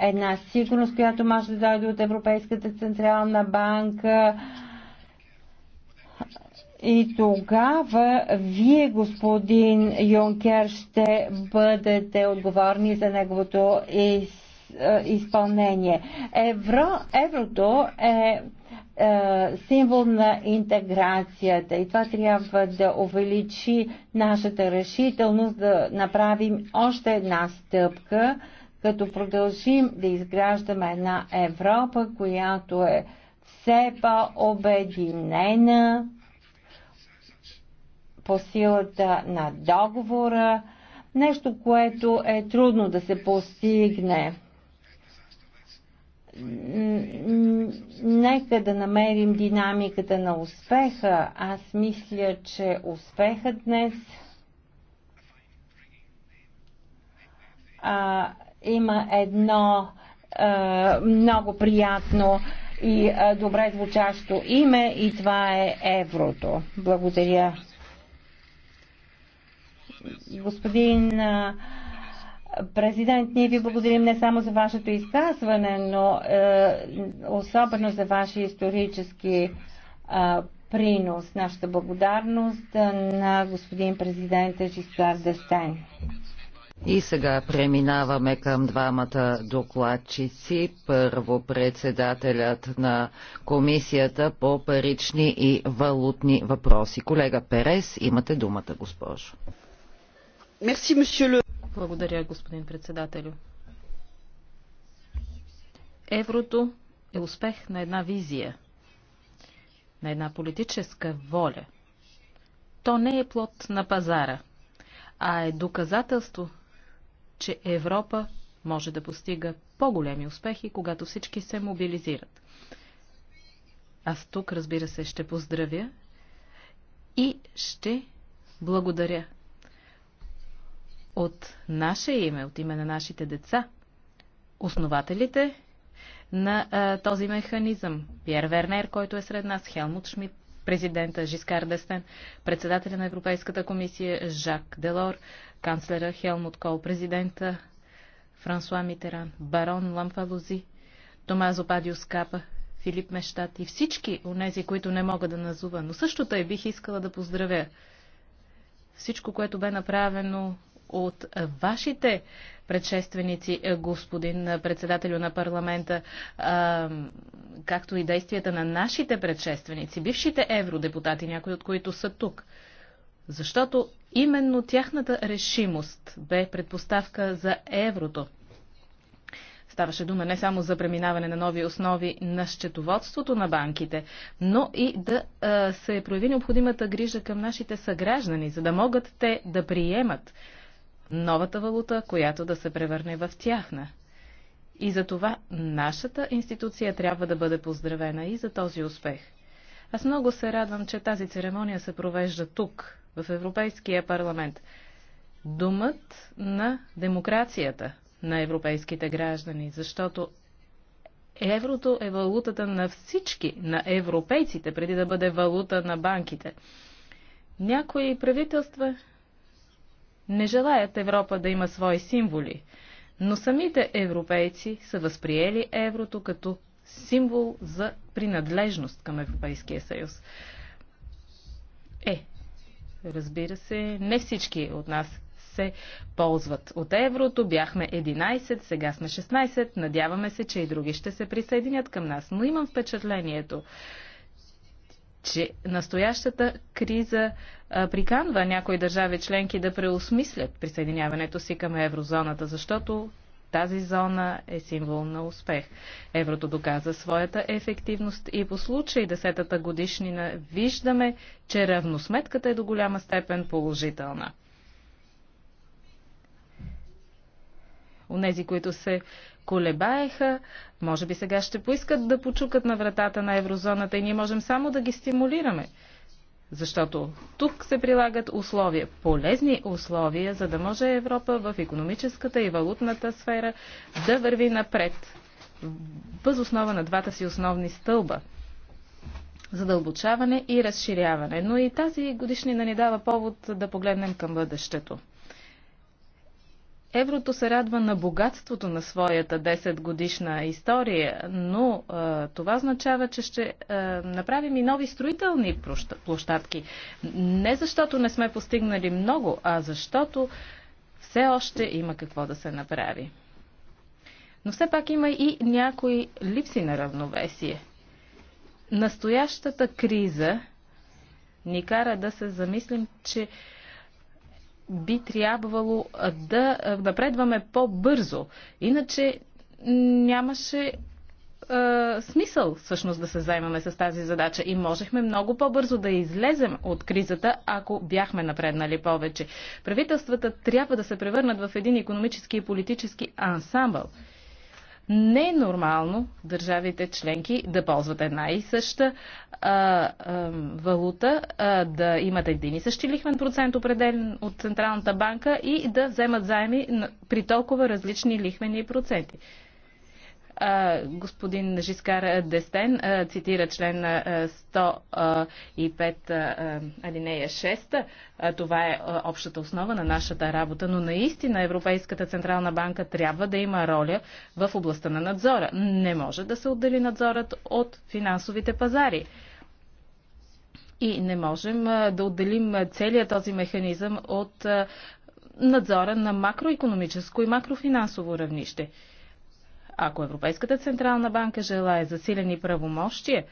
Speaker 1: една сигурност, която може да дойде от Европейската централна банка. И тогава вие, господин Юнкер, ще бъдете отговорни за неговото из, е, изпълнение. Евро, еврото е, е символ на интеграцията и това трябва да увеличи нашата решителност да направим още една стъпка, като продължим да изграждаме една Европа, която е все по-обединена по силата на договора, нещо, което е трудно да се постигне. Нека да намерим динамиката на успеха. Аз мисля, че успехът днес а, има едно а, много приятно и а, добре звучащо име и това е еврото. Благодаря господин президент, ние ви благодарим не само за вашето изказване, но е, особено за вашия исторически принос. Нашата благодарност на господин президента
Speaker 2: Жискар Дестен. И сега преминаваме към двамата докладчици. Първо председателят на Комисията по парични и валутни въпроси. Колега Перес, имате думата, госпожо.
Speaker 3: Благодаря, господин председателю. Еврото е успех на една визия, на една политическа воля. То не е плод на пазара, а е доказателство, че Европа може да постига по-големи успехи, когато всички се мобилизират. Аз тук, разбира се, ще поздравя и ще благодаря от наше име, от име на нашите деца, основателите на а, този механизъм. Пьер Вернер, който е сред нас, Хелмут Шмидт, президента Жискар Дестен, председателя на Европейската комисия Жак Делор, канцлера Хелмут Кол, президента Франсуа Митеран, барон Ламфалузи, Томазо Падиус Капа, Филип Мештат и всички тези, които не мога да назува. Но също тъй бих искала да поздравя всичко, което бе направено от вашите предшественици, е, господин председателю на парламента, както и действията на нашите предшественици, бившите евродепутати, някои от които са тук. Защото именно тяхната решимост бе предпоставка за еврото. Ставаше дума не само за преминаване на нови основи на счетоводството на банките, но и да се прояви необходимата грижа към нашите съграждани, за да могат те да приемат новата валута, която да се превърне в тяхна. И за това нашата институция трябва да бъде поздравена и за този успех. Аз много се радвам, че тази церемония се провежда тук, в Европейския парламент. Думът на демокрацията на европейските граждани, защото еврото е валутата на всички, на европейците, преди да бъде валута на банките. Някои правителства не желаят Европа да има свои символи, но самите европейци са възприели еврото като символ за принадлежност към Европейския съюз. Е, разбира се, не всички от нас се ползват от еврото. Бяхме 11, сега сме 16. Надяваме се, че и други ще се присъединят към нас. Но имам впечатлението, че настоящата криза а, приканва някои държави членки да преосмислят присъединяването си към еврозоната, защото тази зона е символ на успех. Еврото доказа своята ефективност и по случай 10-та годишнина виждаме, че равносметката е до голяма степен положителна. Онези, които се колебаеха, може би сега ще поискат да почукат на вратата на еврозоната и ние можем само да ги стимулираме. Защото тук се прилагат условия, полезни условия, за да може Европа в економическата и валутната сфера да върви напред, въз основа на двата си основни стълба задълбочаване и разширяване. Но и тази годишнина ни дава повод да погледнем към бъдещето. Еврото се радва на богатството на своята 10 годишна история, но а, това означава, че ще а, направим и нови строителни площадки. Не защото не сме постигнали много, а защото все още има какво да се направи. Но все пак има и някои липси на равновесие. Настоящата криза ни кара да се замислим, че би трябвало да напредваме по-бързо. Иначе нямаше смисъл всъщност да се займаме с тази задача и можехме много по-бързо да излезем от кризата, ако бяхме напреднали повече. Правителствата трябва да се превърнат в един економически и политически ансамбъл. Не е нормално държавите членки да ползват една и съща а, а, валута, а, да имат един и същи лихвен процент, определен от Централната банка и да вземат заеми при толкова различни лихвени проценти господин Жискар Дестен цитира член 105 алинея 6. Това е общата основа на нашата работа, но наистина Европейската Централна банка трябва да има роля в областта на надзора. Не може да се отдели надзорът от финансовите пазари. И не можем да отделим целият този механизъм от надзора на макроекономическо и макрофинансово равнище. Ако Европейската Централна банка желая засилени правомощия,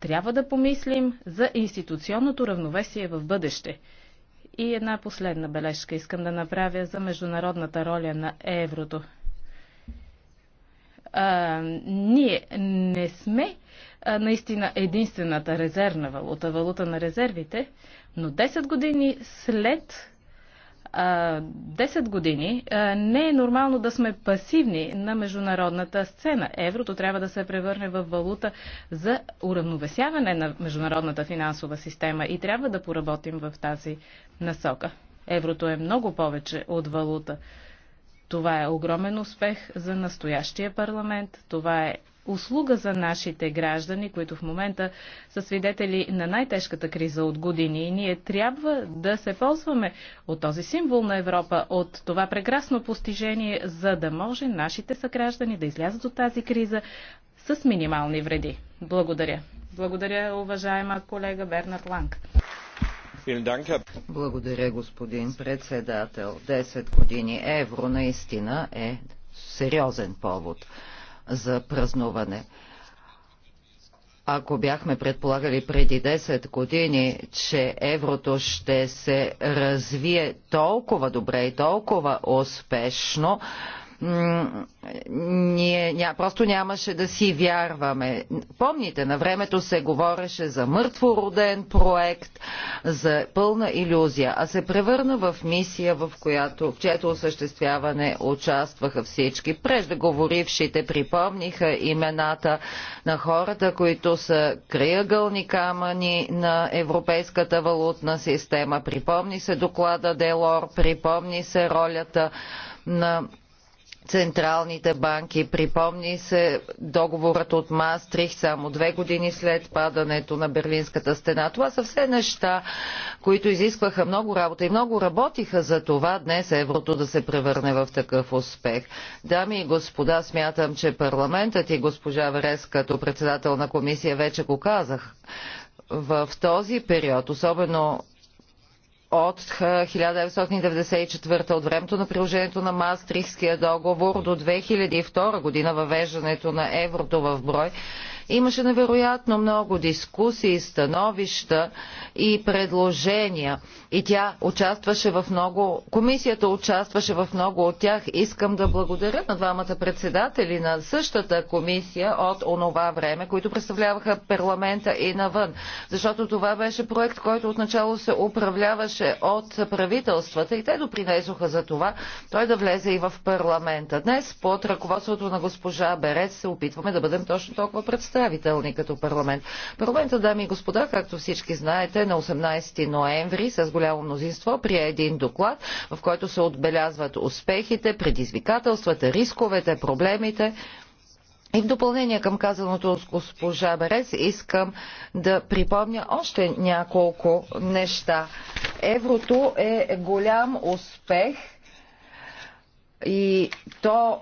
Speaker 3: трябва да помислим за институционното равновесие в бъдеще. И една последна бележка искам да направя за международната роля на еврото. А, ние не сме а, наистина единствената резервна валута, валута на резервите, но 10 години след 10 години не е нормално да сме пасивни на международната сцена. Еврото трябва да се превърне в валута за уравновесяване на международната финансова система и трябва да поработим в тази насока. Еврото е много повече от валута. Това е огромен успех за настоящия парламент, това е услуга за нашите граждани, които в момента са свидетели на най-тежката криза от години. И ние трябва да се ползваме от този символ на Европа, от това прекрасно постижение, за да може нашите съграждани да излязат от тази криза с минимални вреди. Благодаря. Благодаря, уважаема колега Бернат Ланг.
Speaker 2: Благодаря, господин председател. 10 години евро наистина е сериозен повод за празнуване. Ако бяхме предполагали преди 10 години, че еврото ще се развие толкова добре и толкова успешно, ние ня, просто нямаше да си вярваме. Помните, на времето се говореше за мъртвороден проект, за пълна иллюзия, а се превърна в мисия, в която, в чието осъществяване участваха всички. Преждеговорившите припомниха имената на хората, които са краягълни камъни на европейската валутна система. Припомни се доклада Делор, припомни се ролята на централните банки. Припомни се договорът от Мастрих само две години след падането на Берлинската стена. Това са все неща, които изискваха много работа и много работиха за това днес еврото да се превърне в такъв успех. Дами и господа, смятам, че парламентът и госпожа Верес като председател на комисия вече го казах в този период, особено от 1994 от времето на приложението на Маастрихския договор до 2002 година въвеждането на еврото в брой, Имаше невероятно много дискусии, становища и предложения. И тя участваше в много, комисията участваше в много от тях. Искам да благодаря на двамата председатели на същата комисия от онова време, които представляваха парламента и навън. Защото това беше проект, който отначало се управляваше от правителствата и те допринесоха за това той да влезе и в парламента. Днес под ръководството на госпожа Берец се опитваме да бъдем точно толкова представени представителни като парламент. Парламента, дами и господа, както всички знаете, на 18 ноември с голямо мнозинство прие един доклад, в който се отбелязват успехите, предизвикателствата, рисковете, проблемите. И в допълнение към казаното от госпожа Берес, искам да припомня още няколко неща. Еврото е голям успех и то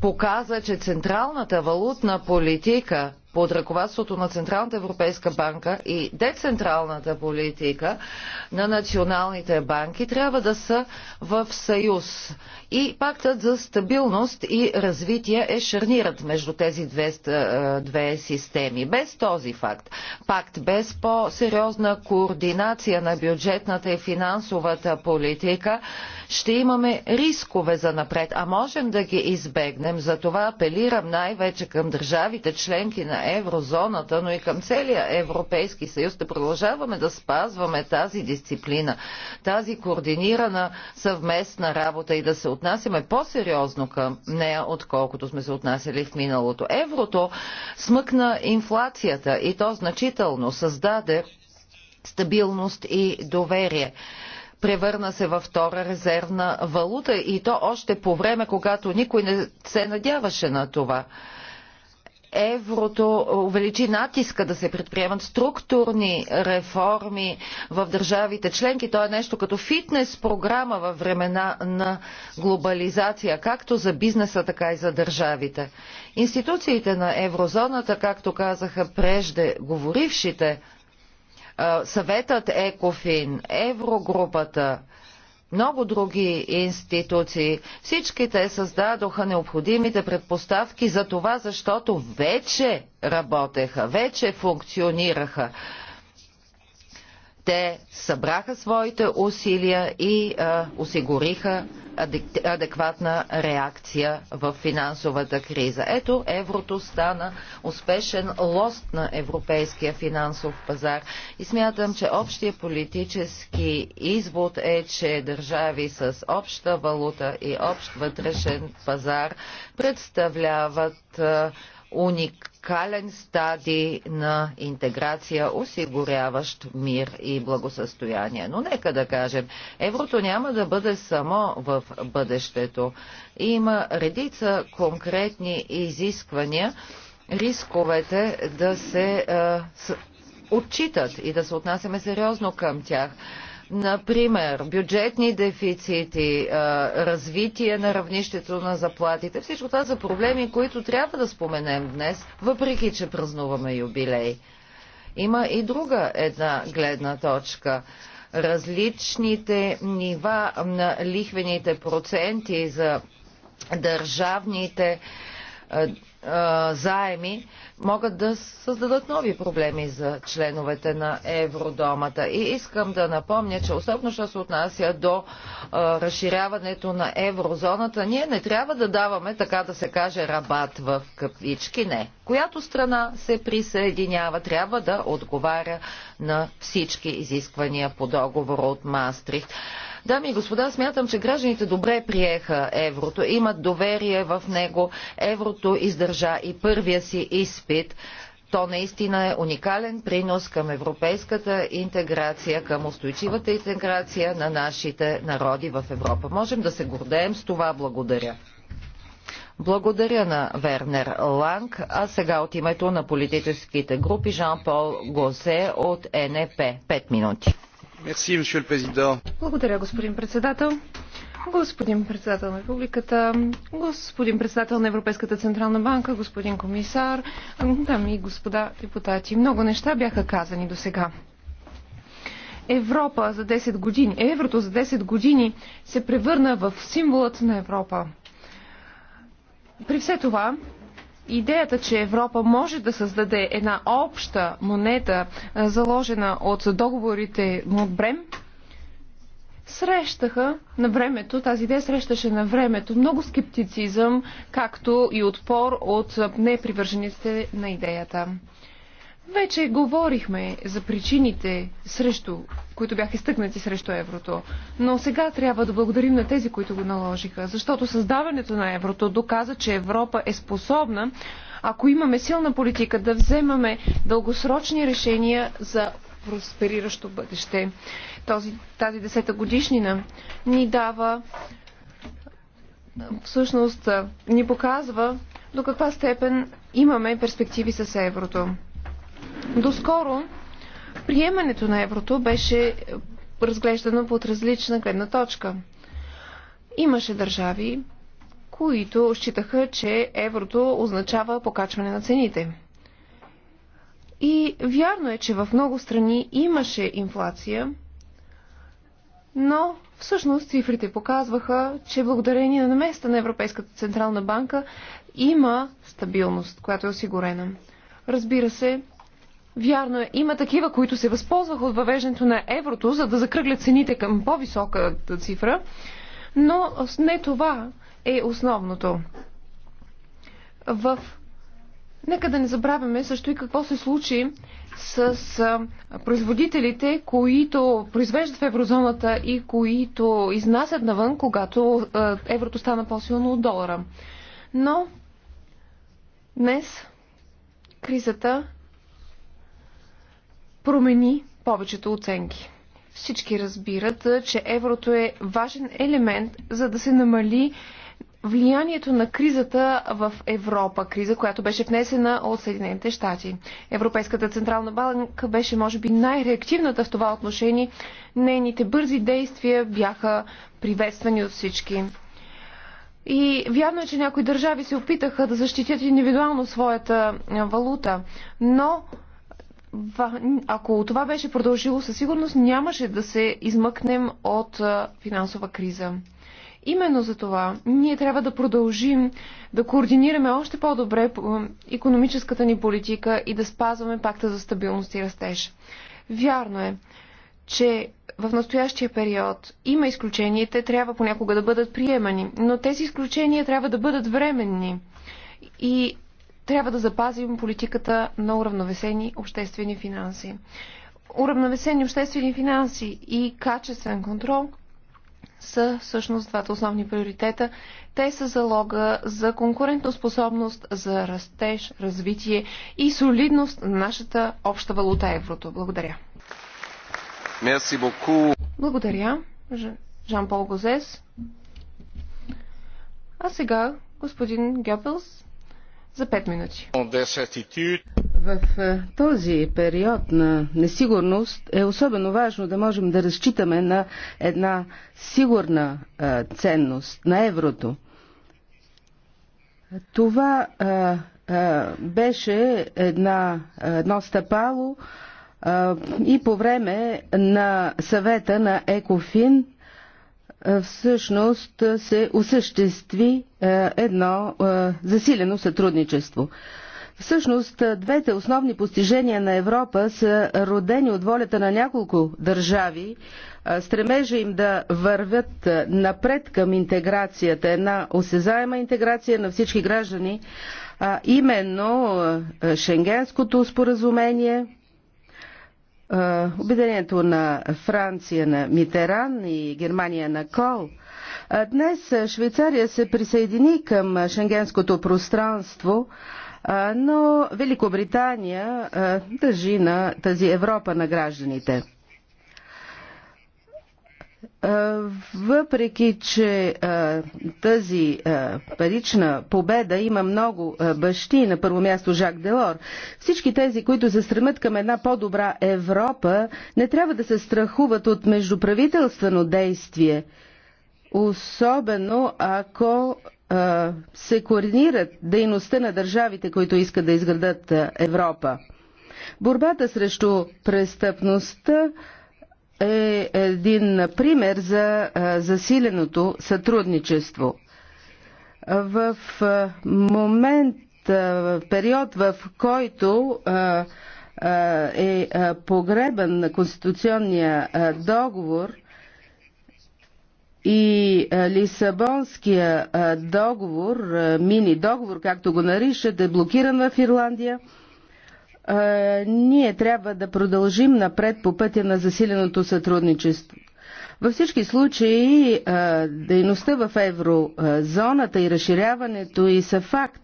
Speaker 2: показа, че централната валутна политика под ръководството на Централната европейска банка и децентралната политика на националните банки трябва да са в съюз. И пактът за стабилност и развитие е шарнират между тези две, е, две системи. Без този факт, пакт без по-сериозна координация на бюджетната и финансовата политика, ще имаме рискове за напред, а можем да ги избегнем. Затова апелирам най-вече към държавите членки на еврозоната, но и към целия Европейски съюз да продължаваме да спазваме тази дисциплина, тази координирана съвместна работа и да се отнасяме по-сериозно към нея, отколкото сме се отнасяли в миналото. Еврото смъкна инфлацията и то значително създаде стабилност и доверие превърна се във втора резервна валута и то още по време, когато никой не се надяваше на това еврото увеличи натиска да се предприемат структурни реформи в държавите членки. То е нещо като фитнес програма във времена на глобализация, както за бизнеса, така и за държавите. Институциите на еврозоната, както казаха прежде говорившите, съветът ЕКОФИН, еврогрупата, много други институции. Всички те създадоха необходимите предпоставки за това, защото вече работеха, вече функционираха. Те събраха своите усилия и а, осигуриха адекватна реакция в финансовата криза. Ето, еврото стана успешен лост на европейския финансов пазар и смятам, че общия политически извод е, че държави с обща валута и общ вътрешен пазар представляват уникален стадий на интеграция, осигуряващ мир и благосъстояние. Но нека да кажем, еврото няма да бъде само в бъдещето. Има редица конкретни изисквания, рисковете да се е, с, отчитат и да се отнасяме сериозно към тях. Например, бюджетни дефицити, развитие на равнището на заплатите. Всичко това са проблеми, които трябва да споменем днес, въпреки че празнуваме юбилей. Има и друга една гледна точка различните нива на лихвените проценти за държавните заеми могат да създадат нови проблеми за членовете на евродомата. И искам да напомня, че особено що се отнася до а, разширяването на еврозоната, ние не трябва да даваме, така да се каже, рабат в капички. Не. Която страна се присъединява, трябва да отговаря на всички изисквания по договора от Мастрихт. Дами и господа, смятам, че гражданите добре приеха еврото, имат доверие в него. Еврото издържа и първия си изпит. То наистина е уникален принос към европейската интеграция, към устойчивата интеграция на нашите народи в Европа. Можем да се гордеем с това. Благодаря. Благодаря на Вернер Ланг, а сега от името на политическите групи Жан-Пол Госе от НП. Пет минути.
Speaker 5: Благодаря, господин председател. Господин председател на републиката, господин председател на Европейската централна банка, господин комисар, дами и господа депутати, много неща бяха казани до сега. Европа за 10 години, еврото за 10 години се превърна в символът на Европа. При все това, Идеята, че Европа може да създаде една обща монета, заложена от договорите от Брем, срещаха на времето, тази идея срещаше на времето много скептицизъм, както и отпор от непривържените на идеята. Вече говорихме за причините, срещу, които бяха изтъкнати срещу еврото, но сега трябва да благодарим на тези, които го наложиха, защото създаването на еврото доказа, че Европа е способна, ако имаме силна политика, да вземаме дългосрочни решения за проспериращо бъдеще. Този, тази десета годишнина ни дава, всъщност ни показва до каква степен имаме перспективи с еврото. Доскоро приемането на еврото беше е, разглеждано под различна гледна точка. Имаше държави, които считаха, че еврото означава покачване на цените. И вярно е, че в много страни имаше инфлация, но всъщност цифрите показваха, че благодарение на места на Европейската Централна банка има стабилност, която е осигурена. Разбира се, Вярно е, има такива, които се възползваха от въвеждането на еврото, за да закръглят цените към по-висока цифра, но не това е основното. В... Нека да не забравяме също и какво се случи с производителите, които произвеждат в еврозоната и които изнасят навън, когато еврото стана по-силно от долара. Но днес кризата промени повечето оценки. Всички разбират, че еврото е важен елемент, за да се намали влиянието на кризата в Европа, криза, която беше внесена от Съединените щати. Европейската централна банка беше, може би, най-реактивната в това отношение. Нейните бързи действия бяха приветствани от всички. И вярно е, че някои държави се опитаха да защитят индивидуално своята валута, но ако това беше продължило, със сигурност нямаше да се измъкнем от финансова криза. Именно за това ние трябва да продължим да координираме още по-добре економическата ни политика и да спазваме пакта за стабилност и растеж. Вярно е, че в настоящия период има изключения, те трябва понякога да бъдат приемани, но тези изключения трябва да бъдат временни. И трябва да запазим политиката на уравновесени обществени финанси. Уравновесени обществени финанси и качествен контрол са всъщност двата основни приоритета. Те са залога за конкурентоспособност, за растеж, развитие и солидност на нашата обща валута еврото. Благодаря. Merci Благодаря, Жан-Пол Гозес. А сега господин Гебелс за 5 минути.
Speaker 4: В е, този период на несигурност е особено важно да можем да разчитаме на една сигурна е, ценност на еврото. Това е, беше една, едно стъпало и по време на съвета на Екофин е, всъщност се осъществи е, едно е, засилено сътрудничество. Всъщност, двете основни постижения на Европа са родени от волята на няколко държави, стремежа им да вървят напред към интеграцията, една осезаема интеграция на всички граждани, а именно Шенгенското споразумение, обединението на Франция на Митеран и Германия на Кол, днес Швейцария се присъедини към шенгенското пространство, но Великобритания държи на тази Европа на гражданите. Въпреки, че тази парична победа има много бащи, на първо място Жак Делор, всички тези, които се стремят към една по-добра Европа, не трябва да се страхуват от междуправителствено действие, особено ако се координират дейността на държавите, които искат да изградат Европа. Борбата срещу престъпността е един пример за засиленото сътрудничество. В момент, в период, в който е погребан на конституционния договор и Лисабонския договор, мини договор, както го наричат, е блокиран в Ирландия – е, ние трябва да продължим напред по пътя на засиленото сътрудничество. Във всички случаи е, дейността в еврозоната и разширяването и са факт.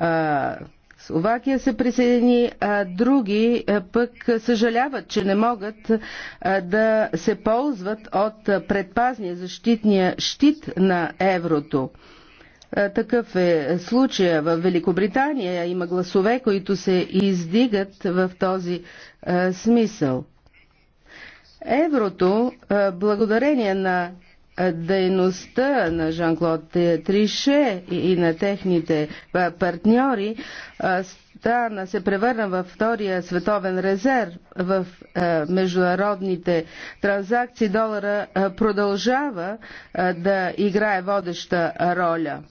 Speaker 4: Е, Словакия се присъедини, а други пък съжаляват, че не могат да се ползват от предпазния защитния щит на еврото. Е, такъв е случая в Великобритания. Има гласове, които се издигат в този е, смисъл. Еврото, е, благодарение на дейността на Жан-Клод Трише и на техните партньори стана, се превърна във втория световен резерв в международните транзакции. Долара продължава да играе водеща роля.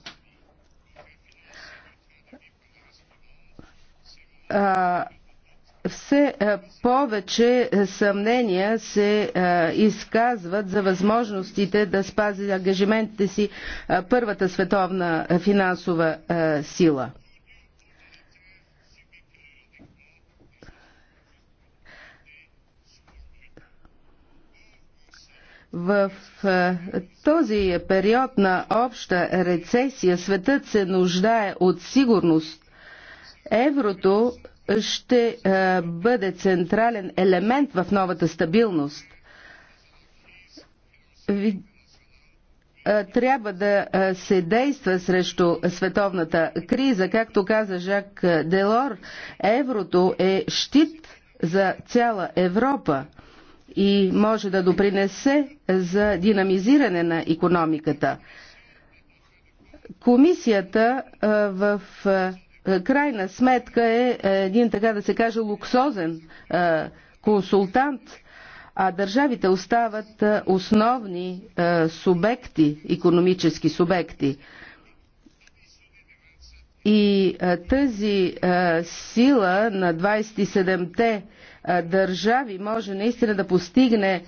Speaker 4: все повече съмнения се изказват за възможностите да спази ангажиментите си първата световна финансова сила. В този период на обща рецесия светът се нуждае от сигурност Еврото ще е, бъде централен елемент в новата стабилност. Е, трябва да е, се действа срещу световната криза. Както каза Жак Делор, еврото е щит за цяла Европа и може да допринесе за динамизиране на економиката. Комисията в е, крайна сметка е, е един, така да се каже, луксозен е, консултант, а държавите остават основни субекти, економически субекти. И тази сила на 27-те държави може наистина да постигне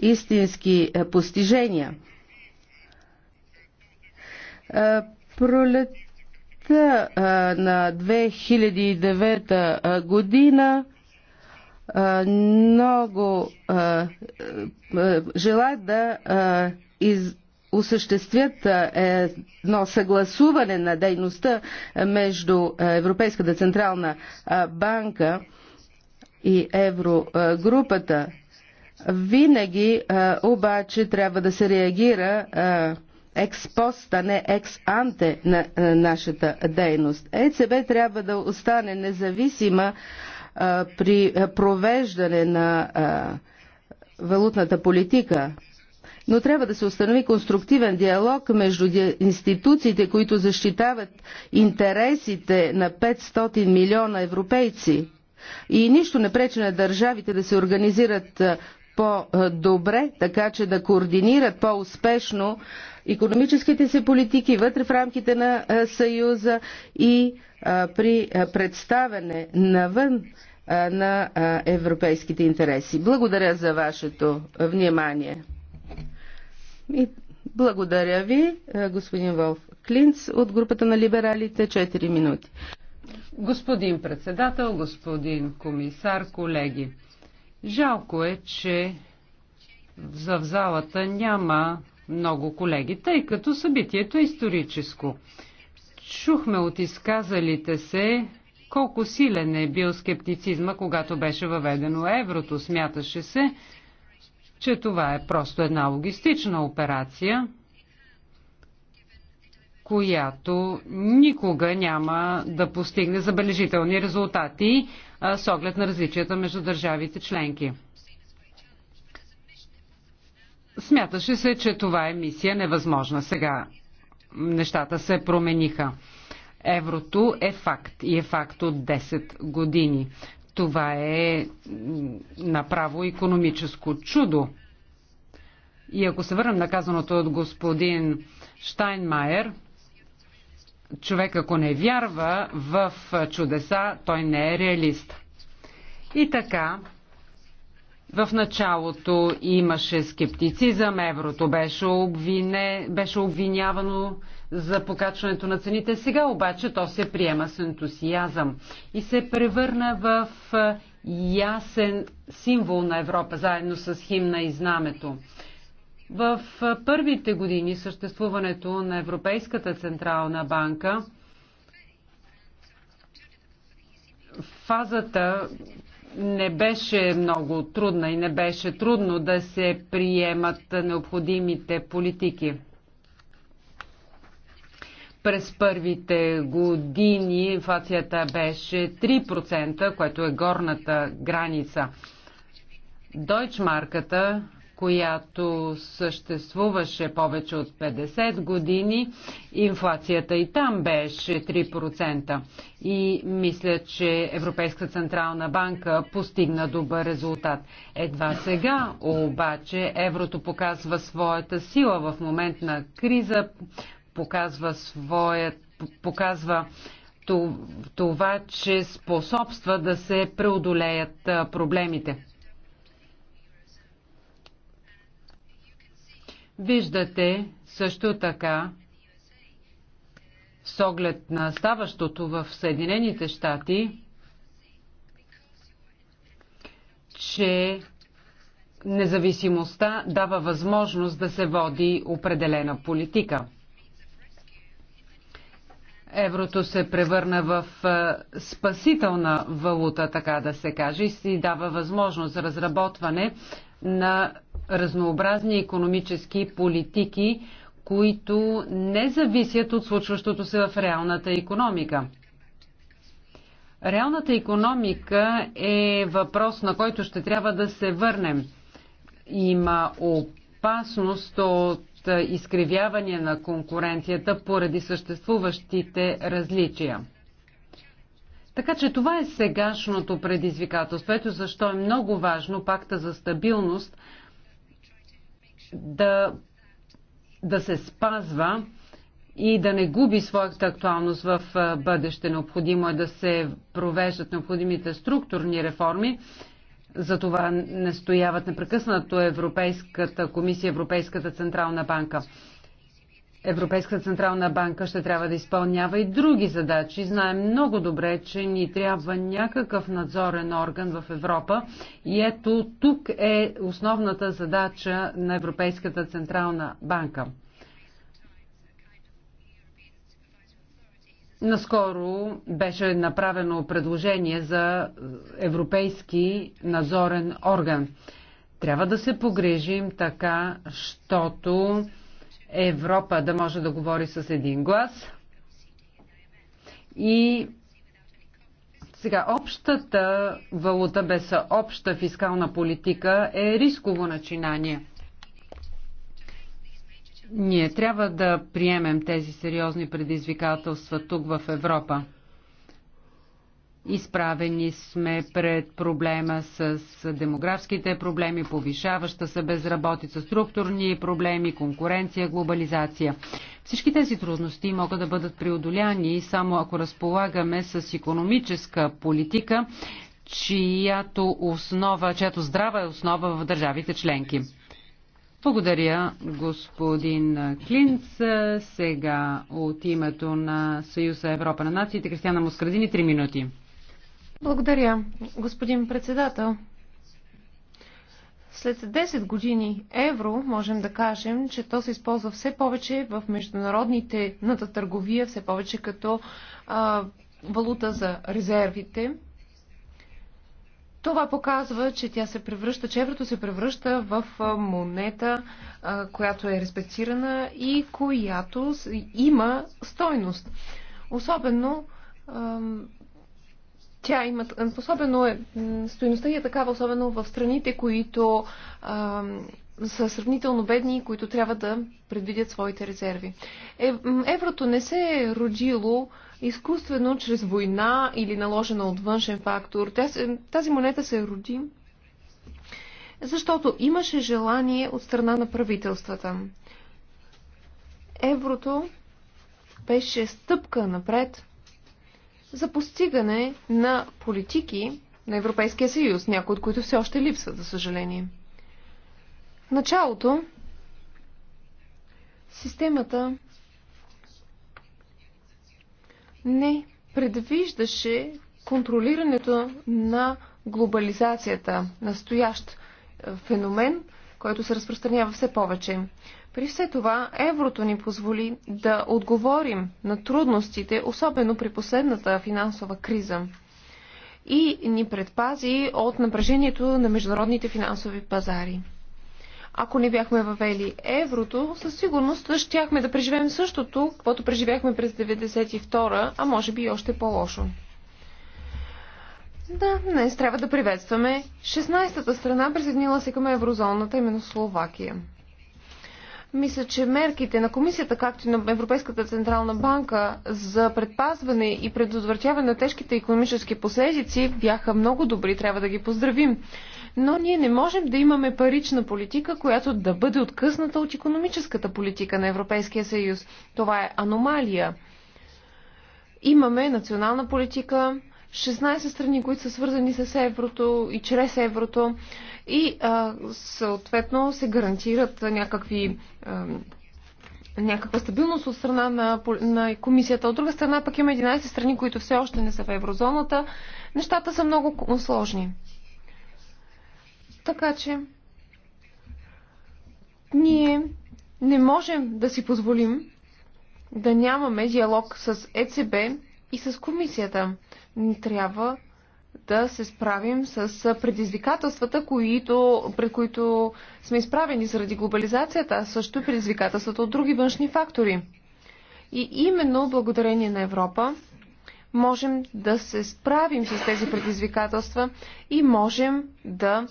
Speaker 4: истински постижения. Пролет на 2009 година много желаят да из, осъществят едно съгласуване на дейността между Европейската централна банка и еврогрупата. Винаги обаче трябва да се реагира експост, а не екс-анте на е, нашата дейност. ЕЦБ трябва да остане независима е, при провеждане на е, валутната политика, но трябва да се установи конструктивен диалог между институциите, които защитават интересите на 500 милиона европейци. И нищо не пречи на държавите да се организират по-добре, така че да координират по-успешно економическите си политики вътре в рамките на Съюза и при представяне навън на европейските интереси. Благодаря за вашето внимание. И благодаря ви, господин Волф Клинц от групата на либералите. 4 минути.
Speaker 6: Господин председател, господин комисар, колеги. Жалко е, че в залата няма много колеги, тъй като събитието е историческо. Чухме от изказалите се колко силен е бил скептицизма, когато беше въведено еврото. Смяташе се, че това е просто една логистична операция, която никога няма да постигне забележителни резултати с оглед на различията между държавите членки. Смяташе се, че това е мисия невъзможна. Сега нещата се промениха. Еврото е факт и е факт от 10 години. Това е направо економическо чудо. И ако се върнем на казаното от господин Штайнмайер, човек ако не вярва в чудеса, той не е реалист. И така, в началото имаше скептицизъм, еврото беше, обвине, беше обвинявано за покачването на цените. Сега обаче то се приема с ентусиазъм и се превърна в ясен символ на Европа, заедно с химна и знамето. В първите години съществуването на Европейската централна банка фазата не беше много трудна и не беше трудно да се приемат необходимите политики. През първите години инфлацията беше 3%, което е горната граница. Дойчмарката която съществуваше повече от 50 години. Инфлацията и там беше 3%. И мисля, че Европейска централна банка постигна добър резултат. Едва сега обаче еврото показва своята сила в момент на криза, показва своят показва това, че способства да се преодолеят проблемите. Виждате също така, с оглед на ставащото в Съединените щати, че независимостта дава възможност да се води определена политика. Еврото се превърна в спасителна валута, така да се каже, и си дава възможност за разработване на разнообразни економически политики, които не зависят от случващото се в реалната економика. Реалната економика е въпрос, на който ще трябва да се върнем. Има опасност от изкривяване на конкуренцията поради съществуващите различия. Така че това е сегашното предизвикателство. Ето защо е много важно пакта за стабилност да, да се спазва и да не губи своята актуалност в бъдеще. Необходимо е да се провеждат необходимите структурни реформи. За това настояват непрекъснато Европейската комисия, Европейската централна банка. Европейската централна банка ще трябва да изпълнява и други задачи. Знаем много добре, че ни трябва някакъв надзорен орган в Европа и ето тук е основната задача на Европейската централна банка. Наскоро беше направено предложение за европейски надзорен орган. Трябва да се погрежим така, щото Европа да може да говори с един глас. И сега, общата валута без обща фискална политика е рисково начинание. Ние трябва да приемем тези сериозни предизвикателства тук в Европа. Изправени сме пред проблема с демографските проблеми, повишаваща се безработица, структурни проблеми, конкуренция, глобализация. Всички тези трудности могат да бъдат преодоляни само ако разполагаме с економическа политика, чиято основа, чиято здрава е основа в държавите членки. Благодаря, господин Клинц. Сега от името на Съюза Европа на нациите, Кристиана Москрадини, 3 минути.
Speaker 5: Благодаря, господин председател. След 10 години евро можем да кажем, че то се използва все повече в международните ната търговия, все повече като а, валута за резервите. Това показва, че тя се превръща, че еврото се превръща в монета, а, която е респектирана и която има стойност. Особено тя има особено е, стоеността е такава, особено в страните, които а, са сравнително бедни и които трябва да предвидят своите резерви. Е, еврото не се е родило изкуствено чрез война или наложена от външен фактор. Тази, тази монета се е роди защото имаше желание от страна на правителствата. Еврото беше стъпка напред за постигане на политики на Европейския съюз, някои от които все още липсват, за съжаление. В началото системата не предвиждаше контролирането на глобализацията, настоящ феномен, който се разпространява все повече. При все това, еврото ни позволи да отговорим на трудностите, особено при последната финансова криза и ни предпази от напрежението на международните финансови пазари. Ако не бяхме въвели еврото, със сигурност щяхме да преживеем същото, каквото преживяхме през 1992, а може би и още по-лошо. Да, днес трябва да приветстваме 16-та страна, присъединила се към еврозоната, именно Словакия. Мисля, че мерките на комисията, както и на Европейската централна банка за предпазване и предотвратяване на тежките економически последици бяха много добри, трябва да ги поздравим. Но ние не можем да имаме парична политика, която да бъде откъсната от економическата политика на Европейския съюз. Това е аномалия. Имаме национална политика, 16 страни, които са свързани с еврото и чрез еврото и а, съответно се гарантират някакви, а, някаква стабилност от страна на, на комисията. От друга страна пък има 11 страни, които все още не са в еврозоната. Нещата са много сложни. Така че ние не можем да си позволим да нямаме диалог с ЕЦБ и с комисията. Трябва да се справим с предизвикателствата, които, пред които сме изправени заради глобализацията, а също и предизвикателствата от други външни фактори. И именно благодарение на Европа можем да се справим с тези предизвикателства и можем да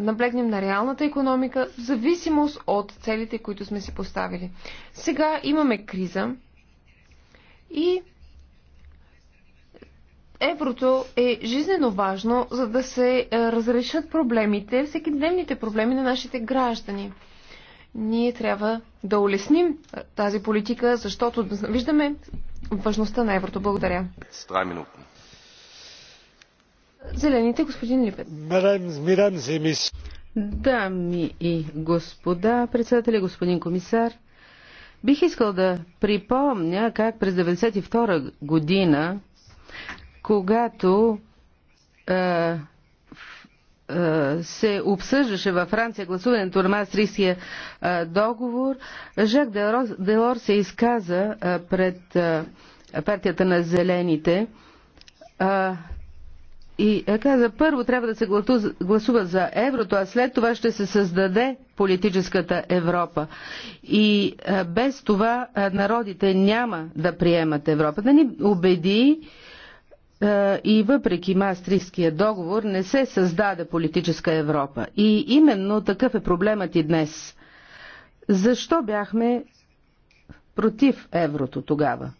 Speaker 5: наблегнем на реалната економика в зависимост от целите, които сме си поставили. Сега имаме криза и Еврото е жизнено важно, за да се е, разрешат проблемите, всеки дневните проблеми на нашите граждани. Ние трябва да улесним е, тази политика, защото виждаме важността на еврото. Благодаря. Зелените, господин Липет.
Speaker 4: Дами и господа, председатели, господин комисар, бих искал да припомня как през 1992 година когато а, се обсъждаше във Франция гласуването на Мастрийския договор, Жак Делор се изказа пред партията на Зелените и каза, първо трябва да се гласува за еврото, а след това ще се създаде политическата Европа. И без това народите няма да приемат Европа. Да ни убеди, е, и въпреки Мастрийския договор не се създаде политическа Европа. И именно такъв е проблемът и днес. Защо бяхме против еврото тогава?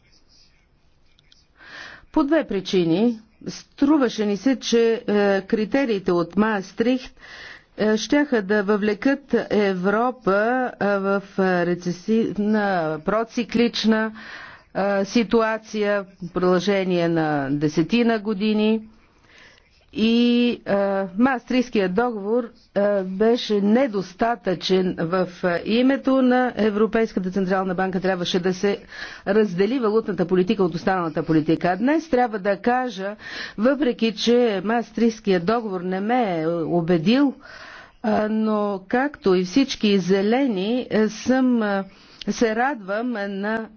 Speaker 4: По две причини. Струваше ни се, че е, критериите от Маастрихт е, щяха да въвлекат Европа в рецесивна, проциклична ситуация в продължение на десетина години и а, Мастрийският договор а, беше недостатъчен в а, името на Европейската Централна банка. Трябваше да се раздели валутната политика от останалата политика. А днес трябва да кажа, въпреки че Мастрийският договор не ме е убедил, а, но както и всички зелени е, съм. А, се радвам на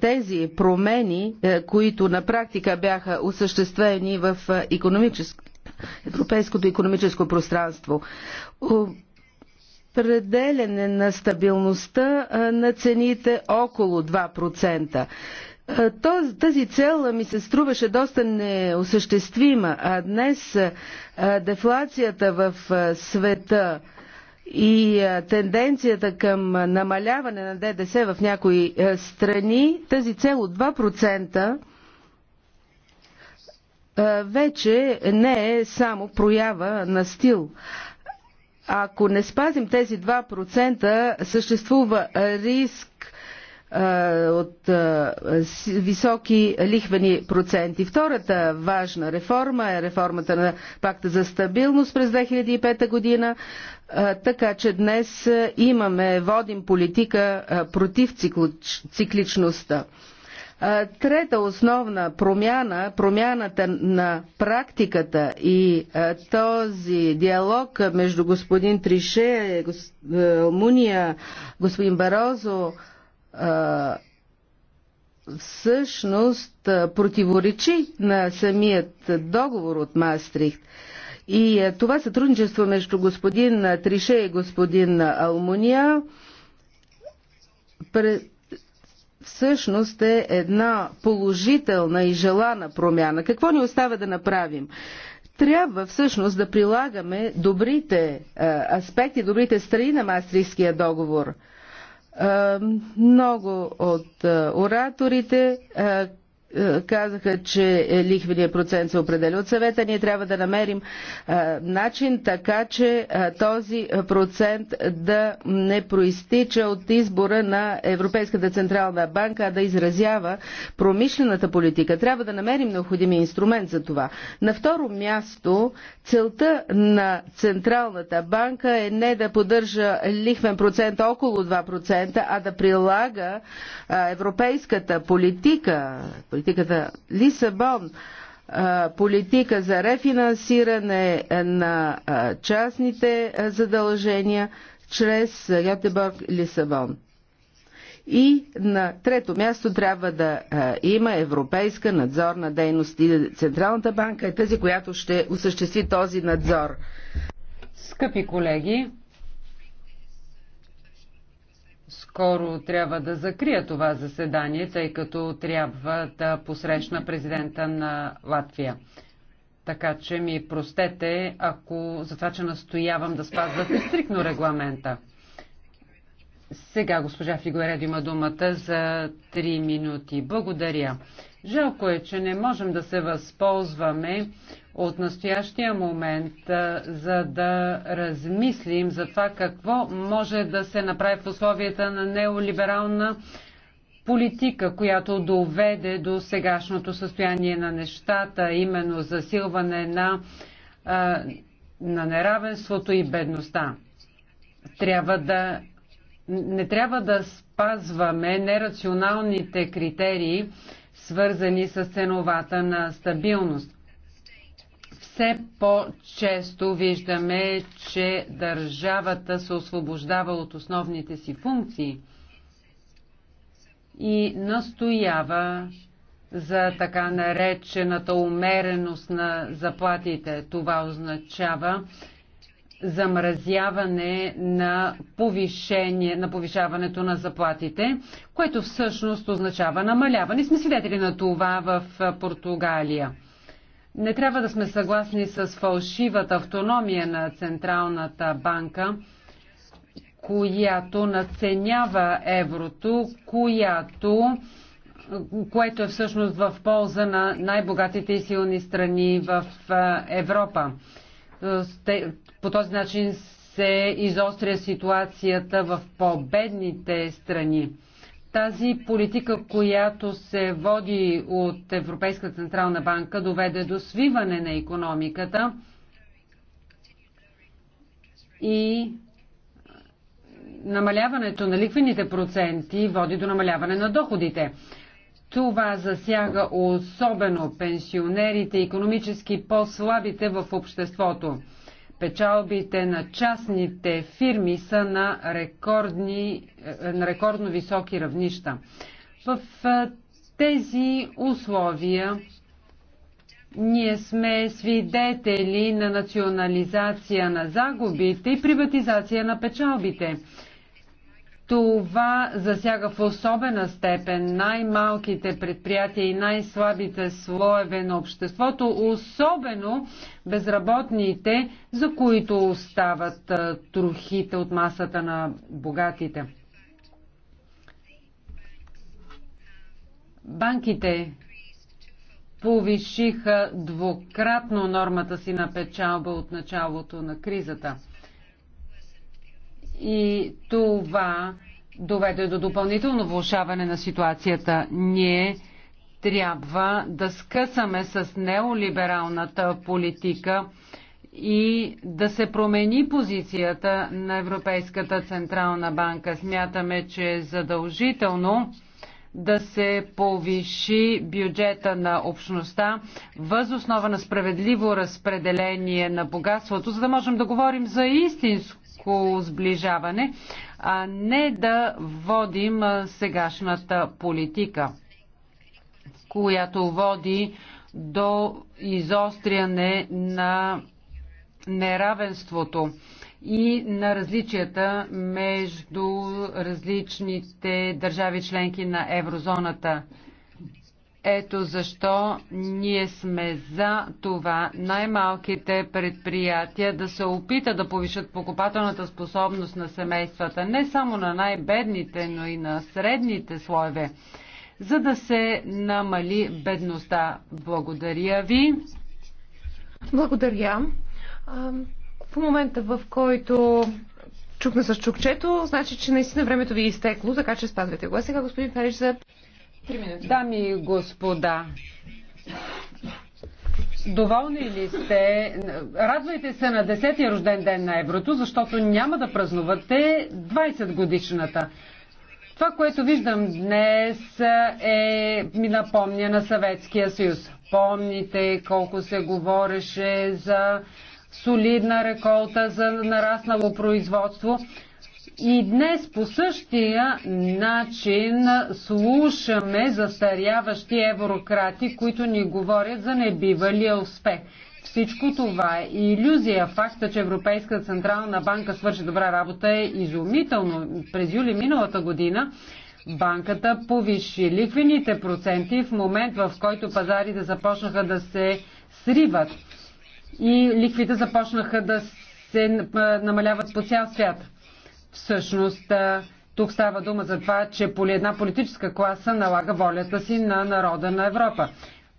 Speaker 4: тези промени, които на практика бяха осъществени в европейското економическо пространство. Определене на стабилността на цените около 2%. Тази цел ми се струваше доста неосъществима, а днес дефлацията в света и тенденцията към намаляване на ДДС в някои страни, тази цел от 2% вече не е само проява на стил. Ако не спазим тези 2%, съществува риск е, от е, високи лихвени проценти. Втората важна реформа е реформата на пакта за стабилност през 2005 година, е, така че днес имаме, водим политика против цикличността. Трета основна промяна, промяната на практиката и този диалог между господин Трише, Муния, господин Барозо, всъщност противоречи на самият договор от Мастрихт. И това сътрудничество между господин Трише и господин Алмуния всъщност е една положителна и желана промяна. Какво ни остава да направим? Трябва всъщност да прилагаме добрите аспекти, добрите страни на Мастрихския договор – е, много от е, ораторите е, е, казаха, че е, лихвения процент се определя от съвета. Ние трябва да намерим е, начин така, че този процент да не проистича от избора на Европейската централна банка, а да изразява промишлената политика. Трябва да намерим необходимия инструмент за това. На второ място, целта на Централната банка е не да поддържа лихвен процент около 2%, а да прилага европейската политика, политиката Лисабон, политика за рефинансиране на частните задължения чрез Гетеборг Лисабон. И на трето място трябва да има европейска надзорна дейност и Централната банка е тази, която ще осъществи този надзор.
Speaker 6: Скъпи колеги, скоро трябва да закрия това заседание, тъй като трябва да посрещна президента на Латвия. Така че ми простете, ако за това, че настоявам да спазвате стрикно регламента. Сега госпожа Фигуередо има думата за 3 минути. Благодаря. Жалко е, че не можем да се възползваме от настоящия момент, за да размислим за това какво може да се направи в условията на неолиберална политика, която доведе до сегашното състояние на нещата, именно засилване на, на неравенството и бедността. Трябва да, не трябва да спазваме нерационалните критерии, свързани с ценовата на стабилност. Все по-често виждаме, че държавата се освобождава от основните си функции и настоява за така наречената умереност на заплатите. Това означава замразяване на, повишение, на повишаването на заплатите, което всъщност означава намаляване. Сме свидетели на това в Португалия. Не трябва да сме съгласни с фалшивата автономия на Централната банка, която наценява еврото, която, което е всъщност в полза на най-богатите и силни страни в Европа. По този начин се изостря ситуацията в по-бедните страни. Тази политика, която се води от Европейска централна банка, доведе до свиване на економиката и намаляването на ликвените проценти води до намаляване на доходите. Това засяга особено пенсионерите, економически по-слабите в обществото. Печалбите на частните фирми са на, рекордни, е, на рекордно високи равнища. В е, тези условия ние сме свидетели на национализация на загубите и приватизация на печалбите. Това засяга в особена степен най-малките предприятия и най-слабите слоеве на обществото, особено безработните, за които остават трохите от масата на богатите. Банките повишиха двукратно нормата си на печалба от началото на кризата – и това доведе до допълнително влушаване на ситуацията. Ние трябва да скъсаме с неолибералната политика и да се промени позицията на Европейската Централна банка. Смятаме, че е задължително да се повиши бюджета на общността въз основа на справедливо разпределение на богатството, за да можем да говорим за истинско близко сближаване, а не да водим сегашната политика, която води до изостряне на неравенството и на различията между различните държави членки на еврозоната. Ето защо ние сме за това най-малките предприятия да се опита да повишат покупателната способност на семействата, не само на най-бедните, но и на средните слоеве, за да се намали бедността. Благодаря ви.
Speaker 5: Благодаря. В момента, в който чукна с чукчето, значи, че наистина времето ви е изтекло, така че спазвайте го.
Speaker 6: сега господин Париж за минути. Дами и господа, доволни ли сте? Радвайте се на 10-я рожден ден на еврото, защото няма да празнувате 20 годишната. Това, което виждам днес е, ми напомня на Съветския съюз. Помните колко се говореше за солидна реколта, за нараснало производство. И днес по същия начин слушаме застаряващи еврократи, които ни говорят за небивалия успех. Всичко това е иллюзия. Факта, че Европейската централна банка свърши добра работа е изумително. През юли миналата година банката повиши лихвените проценти в момент, в който пазарите започнаха да се сриват и ликвите започнаха да се намаляват по цял свят. Всъщност, тук става дума за това, че поли една политическа класа налага волята си на народа на Европа.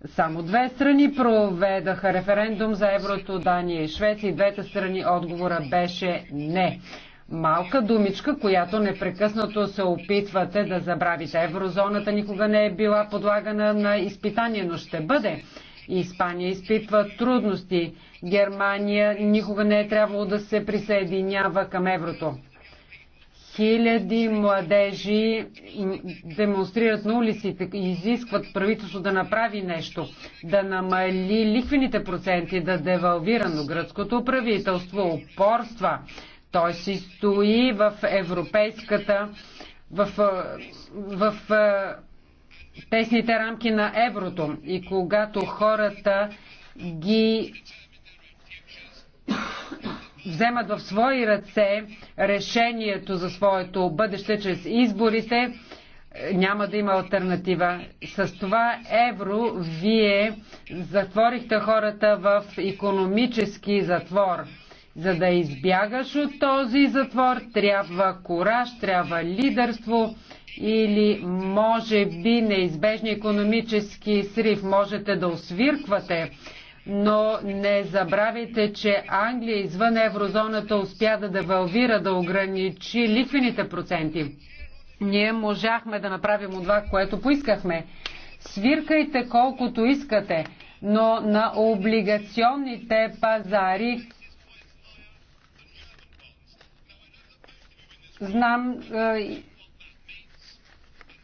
Speaker 6: Само две страни проведаха референдум за еврото, Дания и Швеция. И двете страни отговора беше не. Малка думичка, която непрекъснато се опитвате да забравите. Еврозоната никога не е била подлагана на изпитание, но ще бъде. Испания изпитва трудности. Германия никога не е трябвало да се присъединява към еврото. Хиляди младежи демонстрират на улиците и изискват правителство да направи нещо, да намали лихвените проценти, да девалвира, но гръцкото правителство упорства. Той си стои в европейската, в, в, в тесните рамки на еврото. И когато хората ги вземат в свои ръце решението за своето бъдеще чрез изборите, е, няма да има альтернатива. С това евро вие затворихте хората в економически затвор. За да избягаш от този затвор, трябва кураж, трябва лидерство или може би неизбежни економически срив. Можете да освирквате но не забравяйте, че Англия извън еврозоната успя да девалвира, да ограничи лихвените проценти. Ние можахме да направим това, което поискахме. Свиркайте колкото искате, но на облигационните пазари знам е,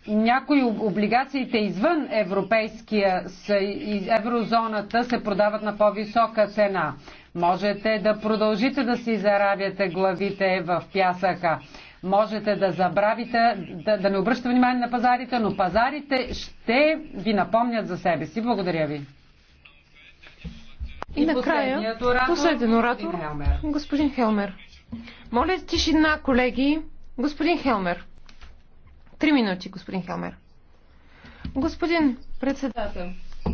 Speaker 6: някои облигациите извън Европейския и еврозоната се продават на по-висока цена. Можете да продължите да си заравяте главите в пясъка. Можете да забравите, да, да не обръщате внимание на пазарите, но пазарите ще ви напомнят за себе си. Благодаря ви.
Speaker 2: И,
Speaker 5: и накрая, последен оратор, господин Хелмер. Моля тишина, колеги. Господин Хелмер. Три минути, господин Хелмер. Господин председател,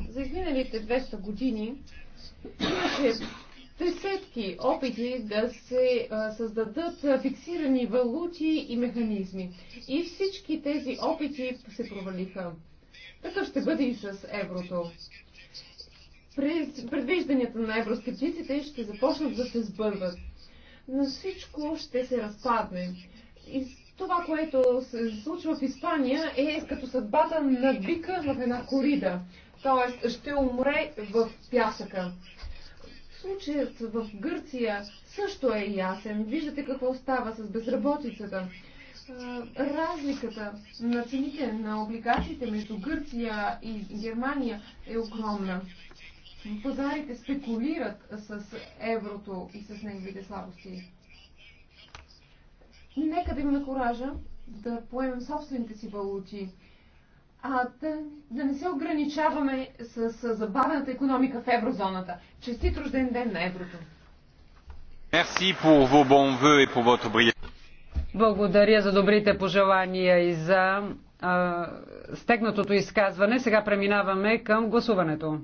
Speaker 5: за изминалите 200 години имаше десетки опити да се създадат фиксирани валути и механизми. И всички тези опити се провалиха. Така ще бъде и с еврото. През предвижданията на евроскептиците ще започнат да се сбърват. Но всичко ще се разпадне. И това, което се случва в Испания е като съдбата на бика в една корида. Тоест, ще умре в пясъка. Случаят в Гърция също е ясен. Виждате какво става с безработицата
Speaker 4: разликата
Speaker 5: на цените на облигациите между Гърция и Германия е огромна. Пазарите спекулират с еврото и с неговите слабости. Нека да имаме коража да поемем собствените си валути, а да, да не се ограничаваме с, с забавената
Speaker 6: економика в еврозоната. Честит рожден ден на еврото!
Speaker 1: Merci pour vos
Speaker 5: bons voeux et pour votre brillant.
Speaker 6: Благодаря за добрите пожелания и за а, стегнатото изказване. Сега преминаваме към гласуването.